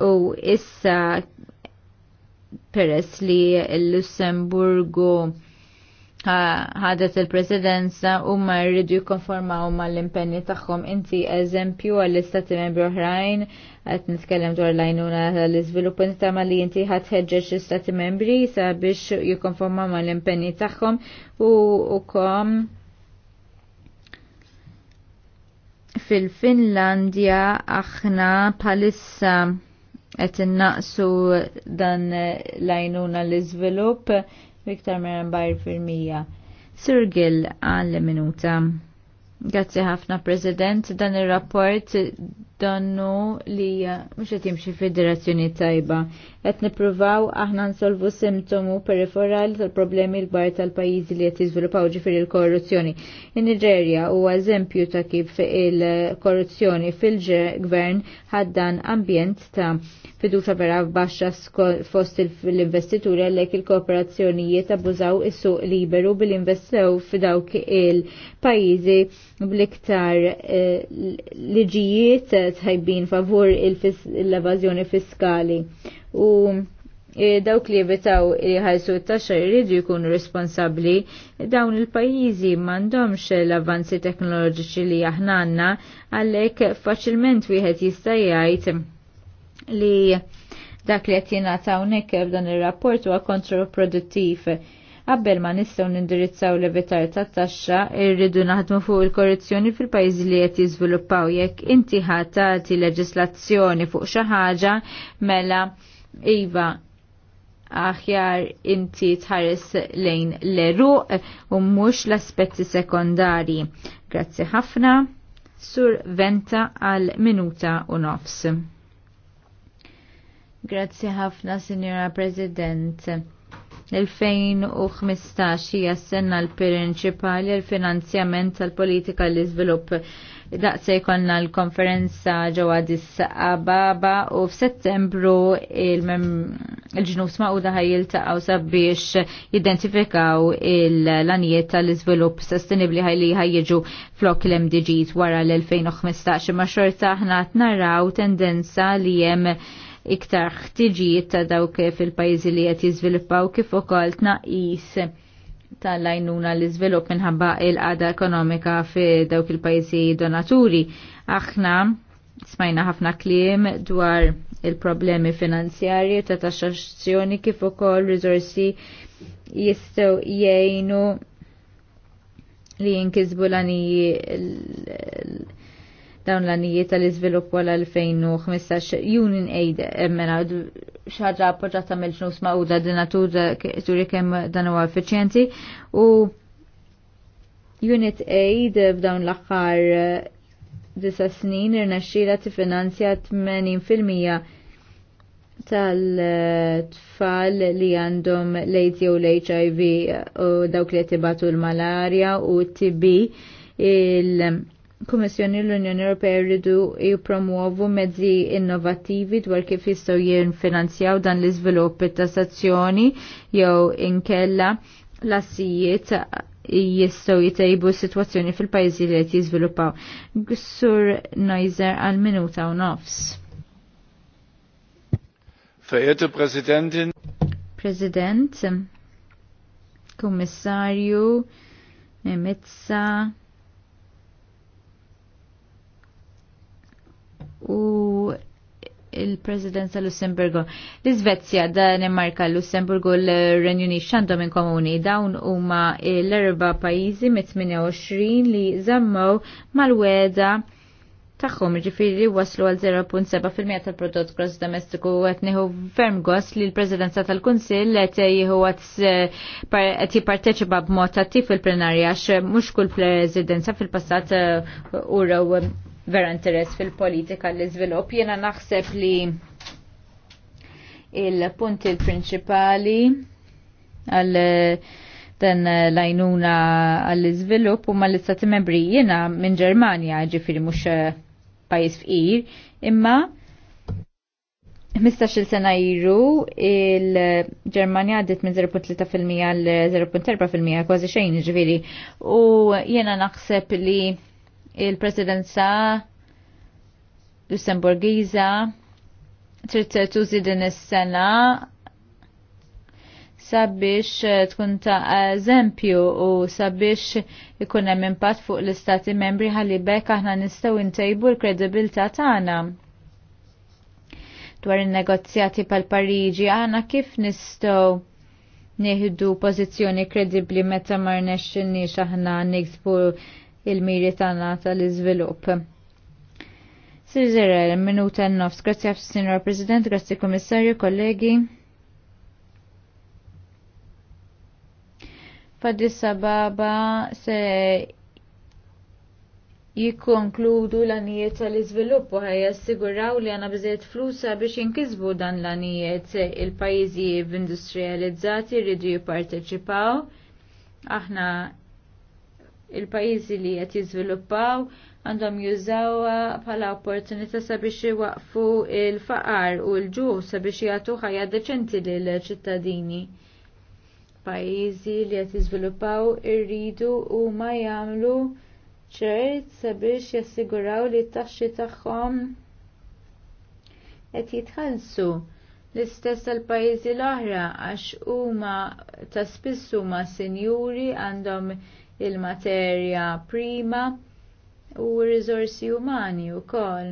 u issa peress li l-Lussemburgu ħadet il-presidenza u ma rridu jikonformaw ma l-impenni tagħhom inti eżempju għall-istati membri oħrajn qed nitkellem dwar lajnuna l ta' ma li inti ħedġeċ l-istati membri sabiex jikonformaw ma l-impenni tagħhom u kom fil-Finlandja aħna palissa qed innaqsu dan l-għajnuna l-iżvilupp bajr firmija. Sir Gil, għalli minuta. Grazzi ħafna President, dan ir-rapport dannu li mhux qed jimxi fid-direzzjoni tajba. Qed nippruvaw aħna nsolvu simptomu periferali tal-problemi l-kbar tal-pajjiżi li qed jizvilupaw ġifir il korruzzjoni In-Niġerja huwa għazempju ta' kif il-korruzzjoni fil-gvern ħaddan ambjent ta' fiduċa vera baxxa fost l-investituri għalhekk il-kooperazzjonijiet abbużaw is-suq liberu bil-investew f'dawk il-pajjiżi bl-iktar eh, liġijiet ħajbin favur l-evazjoni fiskali u e, dawk li li iħalsu t-taxxa jridu jkunu responsabli dawn il-pajjiżi m'għandhomx l avanzi teknoloġiċi li aħna għandna għalhekk faċilment wieħed jista' jgħid li dak li qed jingħata hawnhekk f'dan ir-rapport huwa kontroproduttiv. produttiv Qabel ma nistgħu nindirizzaw l-evitar ta' taxxa irridu naħdmu fuq il-korruzzjoni fil-pajjiżi li qed jiżviluppaw jekk inti ħatati leġislazzjoni fuq xi ħaġa mela iva aħjar inti tħares lejn l-eruq u mhux l-aspetti sekondari. Grazzi ħafna. Sur Venta għal minuta u nofs. Grazzi ħafna, Signora President. 2015 hija s-senna l-prinċipali l-finanzjament tal-politika l-iżvilupp. Daqse jkonna l-konferenza ġewwa Addis Ababa u f'Settembru il-ġnus maquda ħajjiltaqgħu sabiex jidentifikaw l lanijiet tal-iżvilupp sostenibbli ħajli jiġu flok l-MDGs wara l-2015 ma xorta aħna naraw tendenza li hemm iktar ħtiġijiet ta' dawk fil-pajjiżi li qed jiżviluppaw kif ukoll tnaqis tal-lajnuna l-iżvilupp minħabba il-qada ekonomika fi dawk il-pajjiżi donaturi. Aħna smajna ħafna kliem dwar il-problemi finanzjarji ta' taxxazzjoni kif ukoll riżorsi jistgħu jgħinu li jinkisbu l dawn l annijiet tal-izvilupp għal 2015 Union Aid emmena xaġa appoġġata mill-ġnus mawda dinatur turi kemm dan huwa effiċjenti u Unit Aid f'dawn l-aħħar eh, disa snin irnexxila tifinanzja 80% tal-tfal li għandhom l-AIDS jew l-HIV u dawk li jtibatu l-malarja u t-TB il- Kummissjoni l-Unjoni Ewropea jridu jippromuovu mezzi innovattivi dwar kif jistgħu jinfinanzjaw dan l-iżvilupp it-tassazzjoni jew inkella l-assijiet jistgħu jitejbu s-sitwazzjoni fil-pajjiżi li qed jiżviluppaw. Sur Neiser għal minuta u nofs. Verehrte Präsidentin. President, Kommissarju, Emitsa, u il-Presidenza Lussemburgo. L-Svezja, Danimarka, Lussemburgo, l-Renjuni xandom in komuni dawn huma l-erba pajizi mit-28 li zammaw mal-weda taħħom ġifiri waslu għal 0.7% tal-prodott gross domestiku għet niħu ferm gos li l presidenza tal-Kunsil għet jihu għet jiparteċiba b'mod tif fil-plenarja għax mux kull Presidenza fil-passat eh, u vera interess fil-politika l iżvilupp Jena naħseb li il-punti l-prinċipali għal eh, dan lajnuna għall iżvilupp u mal istati membri jena minn Ġermanja ġifiri mux eh, pajis fqir imma 15 sena jiru il ġermania għaddit minn 0.3% għal 0.4% kważi xejn ġviri u jena naħseb li il-presidenza Lussemburgiza trid tużi din is-sena sabiex eh, tkun ta' eżempju u sabiex ikun hemm impatt fuq l-istati membri ħalli bekk aħna nistgħu ntejbu l-kredibilità tagħna. Dwar in-negozjati pal pariġi aħna kif nistgħu nieħdu pożizzjoni kredibbli meta ma rnexxinniex aħna niksbu il-miri tagħna tal-iżvilupp. Sirżera, minuta e nofs. Grazie għaf, Sinjor President, grazie Komissarju, kollegi. Fadis Sababa se jikkonkludu l-anijiet tal-izvilupp u ħajja assiguraw li għana bżiet flusa biex jinkisbu dan l-anijiet il-pajizi industrializzati rridu jiparteċipaw. Aħna il-pajjiżi li qed jiżviluppaw għandhom jużawha bħala opportunità sabiex iwaqfu il-faqar u l-ġu sabiex jagħtu ħajja deċenti lil ċittadini. Pajjiżi li qed jiżviluppaw irridu huma jagħmlu ċert sabiex jassiguraw li t-taxxi tagħhom qed jitħallsu l-istess tal pajjiżi l-oħra għax huma ta' spiss huma sinjuri għandhom il-materja prima u r-riżorsi umani wkoll.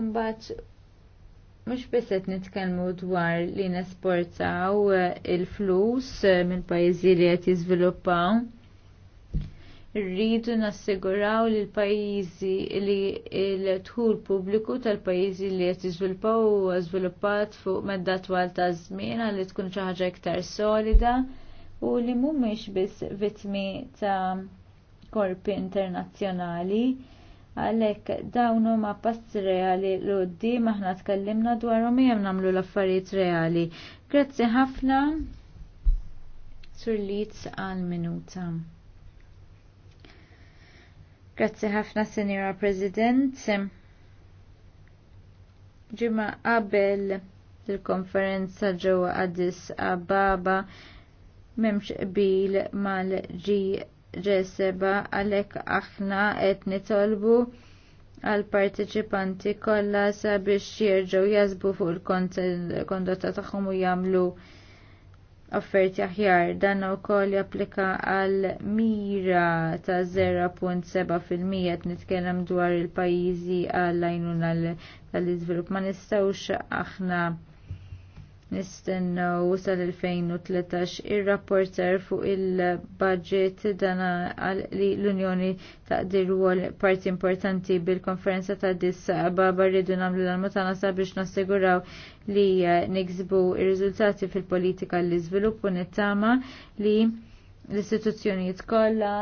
Umbaċ, mux biset nitkelmu dwar li nesportaw eh, il-flus eh, mill pajjiżi li qed jizviluppaw. Rridu nassiguraw li l-pajjiżi li l-tħul pubbliku tal-pajjiżi li qed jizviluppaw u żviluppat fuq medda twal ta' żmien li tkun xi ħaġa iktar solida u li mhumiex biss vittmi ta' korpi internazzjonali għalhekk dawn huma pass reali l uddi aħna tkellimna dwarhom hemm nagħmlu l-affarijiet reali. Grazzi ħafna Sur għal minuta. Grazzi ħafna Senjora President. Ġimma qabel il-konferenza ġewwa Addis Ababa memx bil mal ġi ġeseba għalek aħna qed nitolbu għal partiċipanti kollha sabiex jerġgħu jazbu fuq il-kondotta tagħhom u jagħmlu offerti aħjar dan ukoll japplika għal mira ta' 0.7% qed nitkellem dwar il-pajjiżi għall lajnuna tal-iżvilupp ma nistgħux aħna nistennew sal-2013 ir-rapporter fuq il-budget dan li l-Unjoni taqdir wol parti importanti bil-konferenza ta' dissa baba rridu nagħmlu l nasa sabiex nassiguraw li eh, niksbu r riżultati fil-politika li żvilupp nittama li l-istituzzjonijiet kollha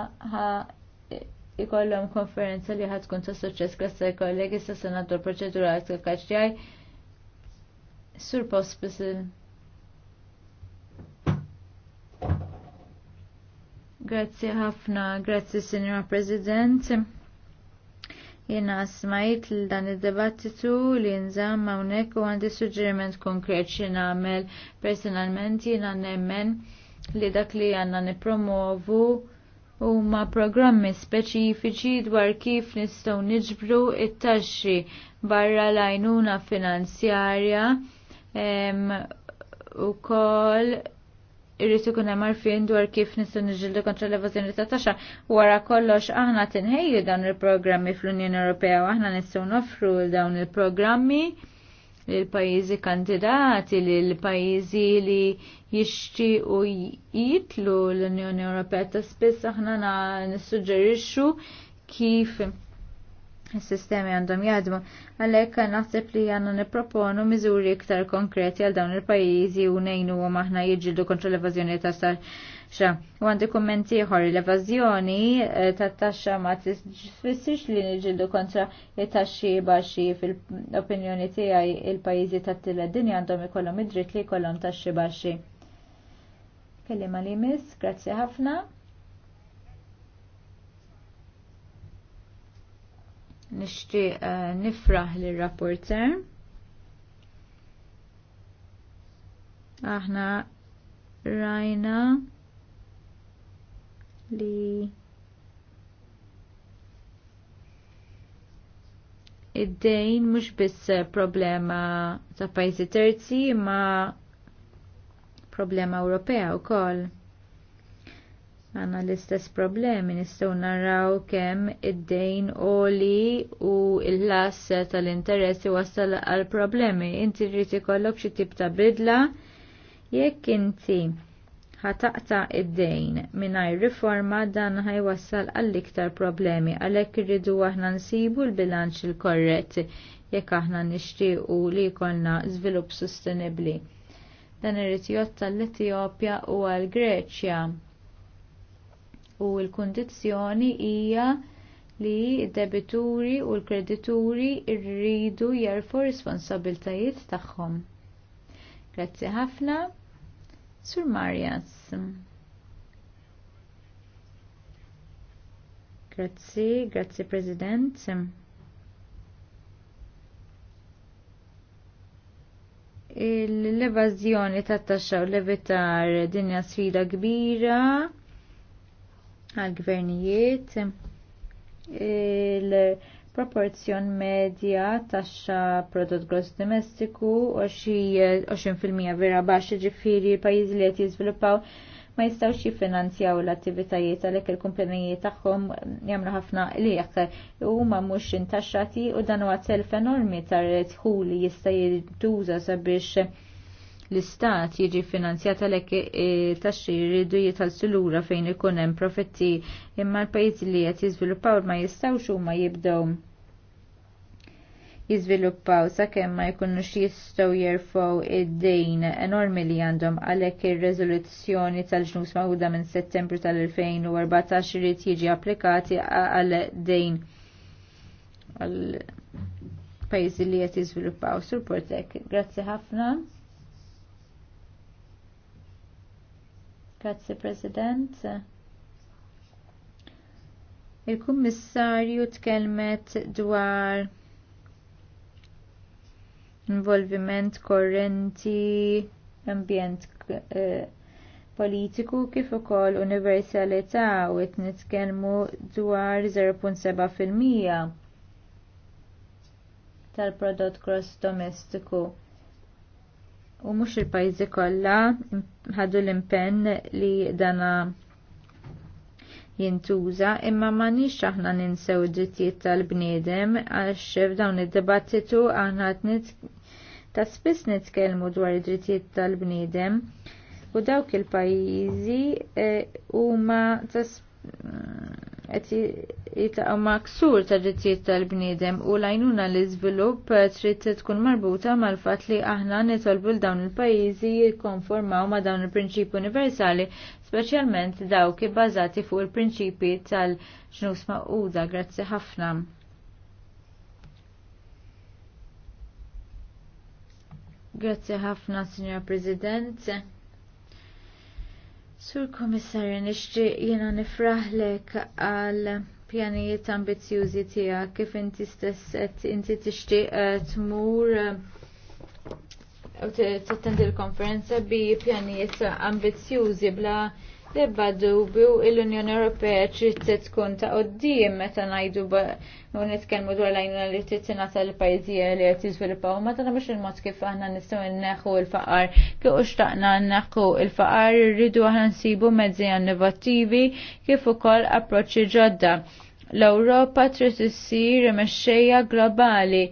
ikollhom konferenza li ħadd tkun ta' suċċess klassa kollegi sa' senador proċedura għal kaċċjaj Sur Pospisil. Grazzi ħafna, grazie Signora President. Jena smajt l dan id-debattitu li nżamm hawnhekk u għandi suġġeriment konkret xin għamel personalment jiena nemmen li dak li għandna nippromovu huma programmi speċifiċi dwar kif nistgħu niġbru it-taxxi barra l-għajnuna finanzjarja u koll irrit ikun hemm għarfien dwar kif nistgħu niġġieldu kontra l-evażjoni ta' taxxa. Wara kollox aħna tinħejju dawn il-programmi fl-Unjoni Ewropea u aħna nistgħu nofru dawn il-programmi lil pajjiżi kandidati lil pajjiżi li jixtiequ jitlu l-Unjoni Ewropea ta' spiss aħna nissuġġerixxu kif Is-sistemi għandhom jaħdmu għalhekk naħseb li għandna nipproponu miżuri iktar konkreti għal dawn il-pajjiżi u ngħinuhom aħna jiġġieldu kontra l-evażjoni ta' taxxa. U għandi kommenti ieħor l-evażjoni eh, ta' taxxa ma tfissirx li niġġieldu kontra it-taxxi baxxi fil-opinjoni tiegħi il-pajjiżi tat-tielet dinja għandhom ikollhom id-dritt li jkollhom taxxi baxxi. Kellim li mis, grazzi ħafna. Nixtieq uh, nifraħ lir rapporter Aħna rajna li id-dejn mhux biss problema ta' pajjiżi terzi ma' problema Ewropea wkoll għanna l-istess problemi nistaw naraw kemm id-dejn u li u l-las tal interessi wassal għal problemi. Inti rrid ikollok xi tip ta' bidla jekk inti ħataqta id-dejn mingħajr riforma dan wasal għall iktar problemi għalhekk irridu aħna nsibu l-bilanċ il korret jekk aħna nixtiequ li jkollna żvilupp sostenibbli. Dan irid jotta l etiopja u għall Greċja u l-kundizzjoni hija li d-debituri u l-kredituri rridu jerfu responsabiltajiet tagħhom. Grazzi ħafna, Sur Marias. Grazzi, grazzi President. l-evażjoni tat taxxa u levitar dinja sfida kbira għal-gvernijiet il-proporzjon medja taxxa prodott gross domestiku u xi 20% vera baxxa ġifieri pajjiżi li qed jiżviluppaw ma jistawx jiffinanzjaw l-attivitajiet għalhekk il kumpanijiet tagħhom jagħmlu ħafna liq huma mhux intaxxati u dan huwa telf enormi tar-dħul li jista' jintuża sabiex l-istat jiġi finanzjat għalhekk e, taxxi jridu jital lura fejn ikun hemm profitti imma l-pajjiżi li qed jiżviluppaw ma jistgħux huma jibdew jiżviluppaw sakemm ma jkunux jistgħu jerfgħu id-dejn enormi li għandhom għalhekk ir-reżoluzzjoni tal-ġnus maħuda minn Settembru tal-2014 irid jiġi applikati għal dejn għal pajjiżi li qed jiżviluppaw. Sur Portek, grazzi ħafna. Grazzi President. Il-Kummissarju tkellmet dwar involviment korrenti, ambjent eh, politiku kif ukoll universalità u qed nitkellmu dwar 0.7% tal-prodott gross domestiku u mhux il-pajjiżi kollha ħadu l-impenn li dana jintuża imma m'għandniex aħna ninsew id-drittijiet tal-bniedem għax f'dawn id-dibattitu aħna ta' spiss nitkellmu dwar id-drittijiet tal-bniedem u dawk il-pajjiżi eh, huma ta' qed jitlaqgħu maksur ta' drittijiet tal-bniedem u lajnuna li żvilupp trid tkun marbuta mal-fatt li aħna nitolbu l dawn il-pajjiżi jikkonformaw ma' dawn il-prinċipi universali, speċjalment dawk ibbażati fuq il-prinċipi tal-ġnus maquda. Grazzi ħafna. Grazzi ħafna, Signor President. Sur Komissarju, nixtri jena nifraħlek għal pjanijiet ambizjużi tiegħek kif inti stess inti tixtieq tmur u tittendi l-konferenza bi pjanijiet ambizjużi bla Debba dubju l-Unjoni Ewropea trid se tkun ta' qudiem meta ngħidu u nitkellmu dwar lajna li trid tingħata l-pajjiżija li qed jiżviluppaw ma tagħna il-mod kif aħna nistgħu nneħħu l-faqar kif xtaqna nneħħu l-faqar irridu aħna nsibu mezzi innovattivi kif ukoll approċċi ġodda. L-Ewropa trid issir mexxejja globali.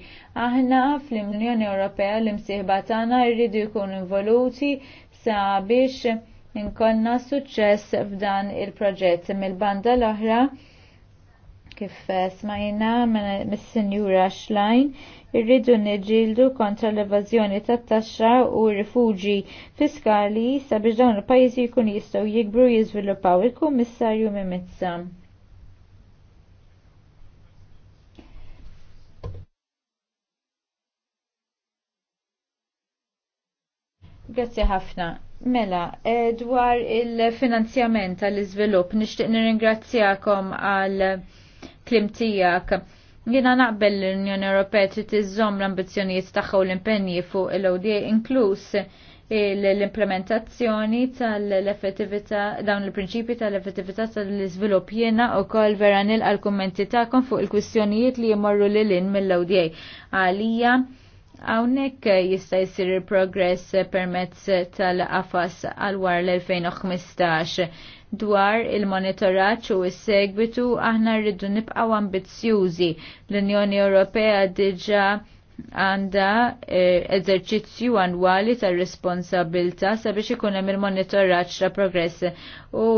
Aħna fl-Unjoni Ewropea l-imsieħba tagħna rridu jkunu involuti sabiex inkonna suċċess f'dan il-proġett mill-banda l-oħra kif eh, smajna mis-Sinjura Schlein irridu niġildu kontra l-evażjoni tat-taxxa u rifuġi fiskali sabiex dawn il-pajjiżi jkunu jistgħu jikbru jiżviluppaw il-Kummissarju Mimizza. Grazzi ħafna. Mela, eh, dwar il-finanzjament għall-izvilupp, nixtieq nirringrazzjakom għal klim tiegħek. Jiena naqbel l-Unjoni Ewropea trid iżżomm l-ambizzjonijiet tagħha u l-impenji fuq l-ODA inkluż l-implementazzjoni tal-effettività dawn il-prinċipji tal-effettività tal-iżvilupp jiena wkoll vera nilqa' l-kummenti tagħkom fuq il-kwistjonijiet li jmorru lil in mill-ODA. Għalija Hawnhekk jista' jsir progress permezz tal-qafas għal war l-2015 dwar il-monitoraġġ u s-segwitu aħna rridu nibqgħu ambizzjużi. L-Unjoni Ewropea diġà għandha eh, eżerċizzju annwali tar-responsabilità sabiex ikun hemm il-monitoraġġ ta' progress u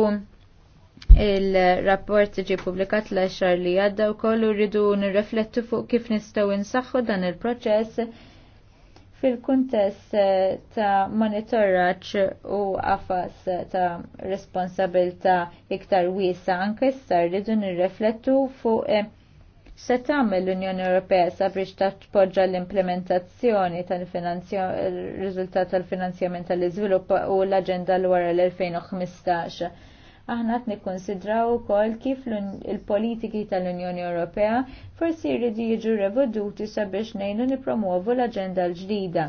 il-rapport ġi publikat l xar li għadda u kollu rridu nirreflettu fuq kif nistgħu insaxħu dan il-proċess fil-kuntest eh, ta' monitoraċ u għafas eh, ta' responsabilta iktar wiesa anke issa rridu nirreflettu fuq eh, se tagħmel l-Unjoni Ewropea sabiex tappoġġa l-implementazzjoni tal-riżultat tal-finanzjament tal-iżvilupp u l-aġenda l wara l-2015 aħna qed nikkonsidraw ukoll kif il-politiki tal-Unjoni Ewropea forsi jridu jiġu reveduti sabiex ngħinu nippromuovu l-aġenda l-ġdida.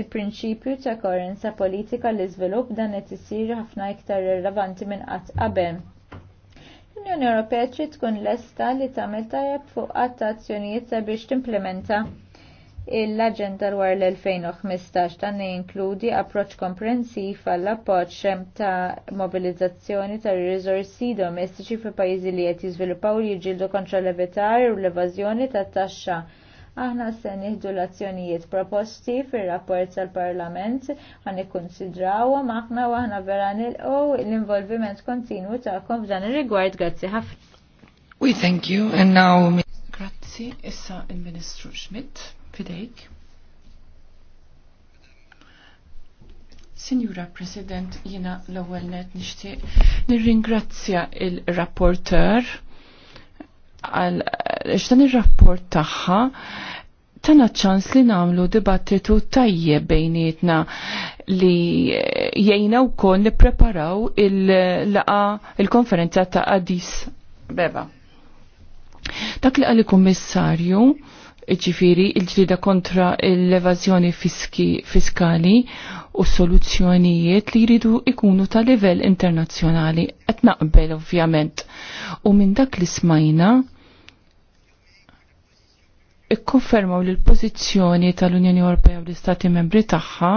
Il-prinċipju ta' koerenza politika l-iżvilupp dan qed isir ħafna iktar rilevanti minn qatt qabel l-Unjoni Ewropea trid tkun lesta li tagħmel tajjeb fuq azzjonijiet sabiex timplementa l-Aġenda dwar l-2015 dan jinkludi approċċ komprensiv għall appoġġ ta' mobilizzazzjoni ta' riżorsi domestiċi fi pajjiżi li qed jiżviluppaw li jiġildu kontra l-evitar u l-evażjoni tat taxxa. Aħna se nieħdu l-azzjonijiet proposti fir-rapport tal-Parlament għan nikkunsidrawhom aħna u aħna vera nilqgħu l-involviment kontinwu tagħkom f'dan ir-rigward grazzi ħafna. We thank you and now Grazzi, issa il-Ministru Schmidt. Fidejk. Signora President, jina l-ewwel net nixtieq nirringrazzja il-rapporter għal x'dan ir-rapport tagħha tana ċans li namlu dibattitu tajje bejnietna li jgħina u kon il-laqa il-konferenza ta' Addis Beba. Dak li għal-Kummissarju ġifiri il-ġrida kontra l-evazjoni fiskali u soluzzjonijiet li jridu ikunu ta' livell internazzjonali qed naqbel ovvjament. U minn dak li smajna ikkonfermaw l pożizzjoni tal-Unjoni Ewropea u l-Istati Membri tagħha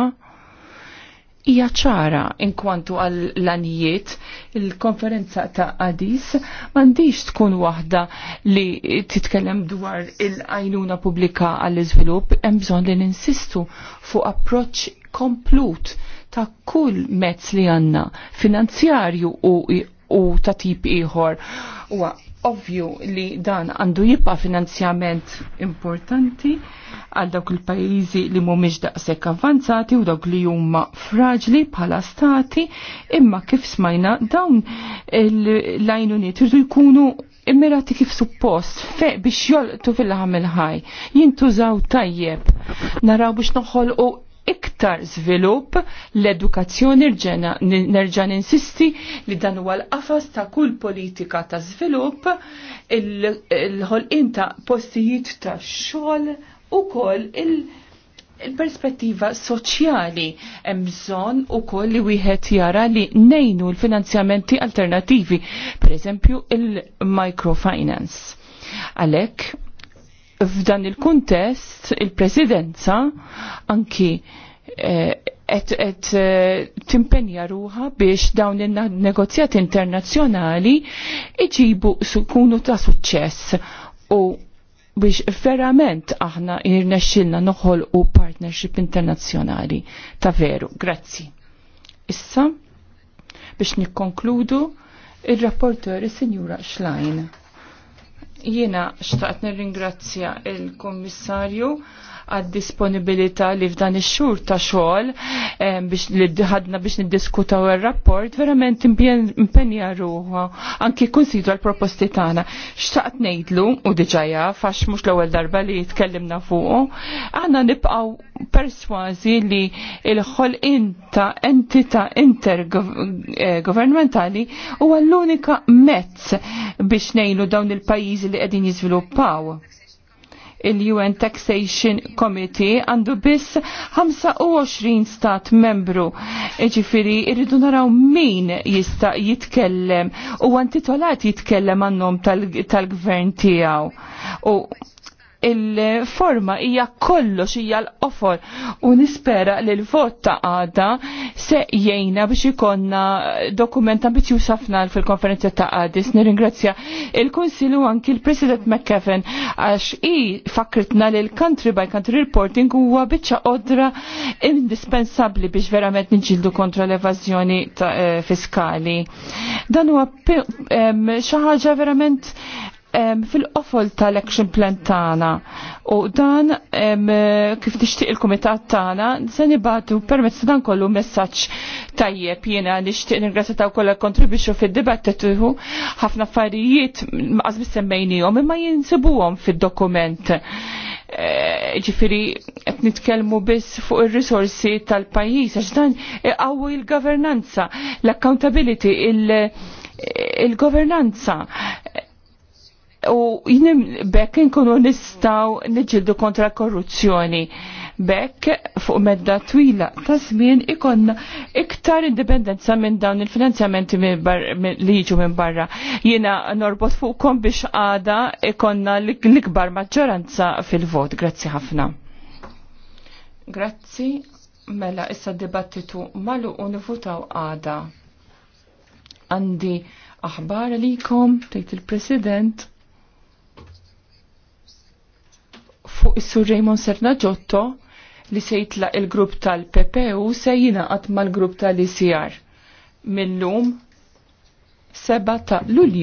hija ċara inkwantu għal lanijiet il-konferenza ta' Addis m'għandix tkun waħda li titkellem dwar il-għajnuna pubblika għall iżvilupp hemm bżonn li ninsistu fuq approċċ komplut ta' kull mezz li għanna finanzjarju u u ta' tip ieħor. Huwa ovvju li dan għandu jibqa' finanzjament importanti għal dawk il-pajjiżi li mhumiex daqshekk avvanzati u dawk li huma fraġli bħala stati, imma kif smajna dawn l-għajnuniet irdu jkunu immirati kif suppost, fe biex jolqtu fil-ħamil ħaj, jintużaw tajjeb, naraw biex noħolqu iktar żvilupp l-edukazzjoni nerġa' ninsisti li dan huwa l-qafas ta' kull politika ta' żvilupp il-ħolqien ta' postijiet ta' xogħol ukoll il- il-perspettiva soċjali hemm bżonn ukoll li wieħed jara li nejnu l-finanzjamenti alternattivi, pereżempju il-microfinance. Għalhekk f'dan il-kuntest il-presidenza anki eh, et, et eh, timpenja ruħa biex dawn il-negozjat internazzjonali iġibu kunu ta' suċċess u biex verament aħna irnexxilna noħol u partnership internazzjonali ta' veru. Grazzi. Issa, biex nikkonkludu, il rapporteur il sinjura Schlein. Jiena xtaqt nirringrazzja il-Kommissarju għad-disponibilità li f'dan ix-xhur ta' xogħol biex li ħadna biex niddiskutaw ir-rapport verament impenja ruħu anki kunsidra l-proposti tagħna. X'taqt ngħidlu u diġà jaf għax mhux l-ewwel darba li tkellimna fuqu, aħna nibqgħu persważi li l-ħolqien ta' entità intergovernmentali huwa l-unika mezz biex ngħinu dawn il-pajjiżi li qegħdin jiżviluppaw il-UN Taxation Committee għandu biss 25 stat membru. Iġifiri, irridu naraw min jista' jitkellem u għantitolat jitkellem għannom tal-gvern tijaw. U il-forma hija kollox hija l-qofol u nispera li l-vot ta' għada se jgħina biex ikonna dokument ambizjuż ħafna fil-konferenza ta' għadis. Nirringrazzja il-Kunsil u anki l-President McKeven għax i fakritna li l-country by country reporting huwa biċċa qodra indispensabbli biex verament nġildu kontra l-evażjoni eh, fiskali. Dan huwa xi ħaġa verament fil-qofol tal-action plan tagħna u dan kif tixtieq il-kumitat tagħna se nibatu permezz dan kollu messaġġ tajjeb jiena nixtieq ningrazzja taw kollha kontribwixxu fid-dibattitu ħafna affarijiet qas semmejnihom imma jinsibuhom fid-dokument. E, ġifiri qed nitkellmu biss fuq ir-risorsi tal-pajjiż għax dan iqawwi l-governanza, l-accountability, il-governanza. il governanza u jnim bekk nkunu nistaw niġildu kontra korruzzjoni. Bekk fuq medda twila ta' żmien ikonna iktar indipendenza minn dawn il-finanzjamenti li jiġu minn barra. Jiena norbot fuqkom biex għada ikonna l-ikbar maġġoranza fil-vot. Grazzi ħafna. Grazzi. Mela, issa dibattitu malu u nifutaw għada. Għandi aħbar likom, tejt il-President. fuq is-Sur Raymond Serna Ġotto li se jitlaq il-grupp tal-PPU se jingħaqad mal-grupp tal-ICR. Millum 7 ta' Lulju.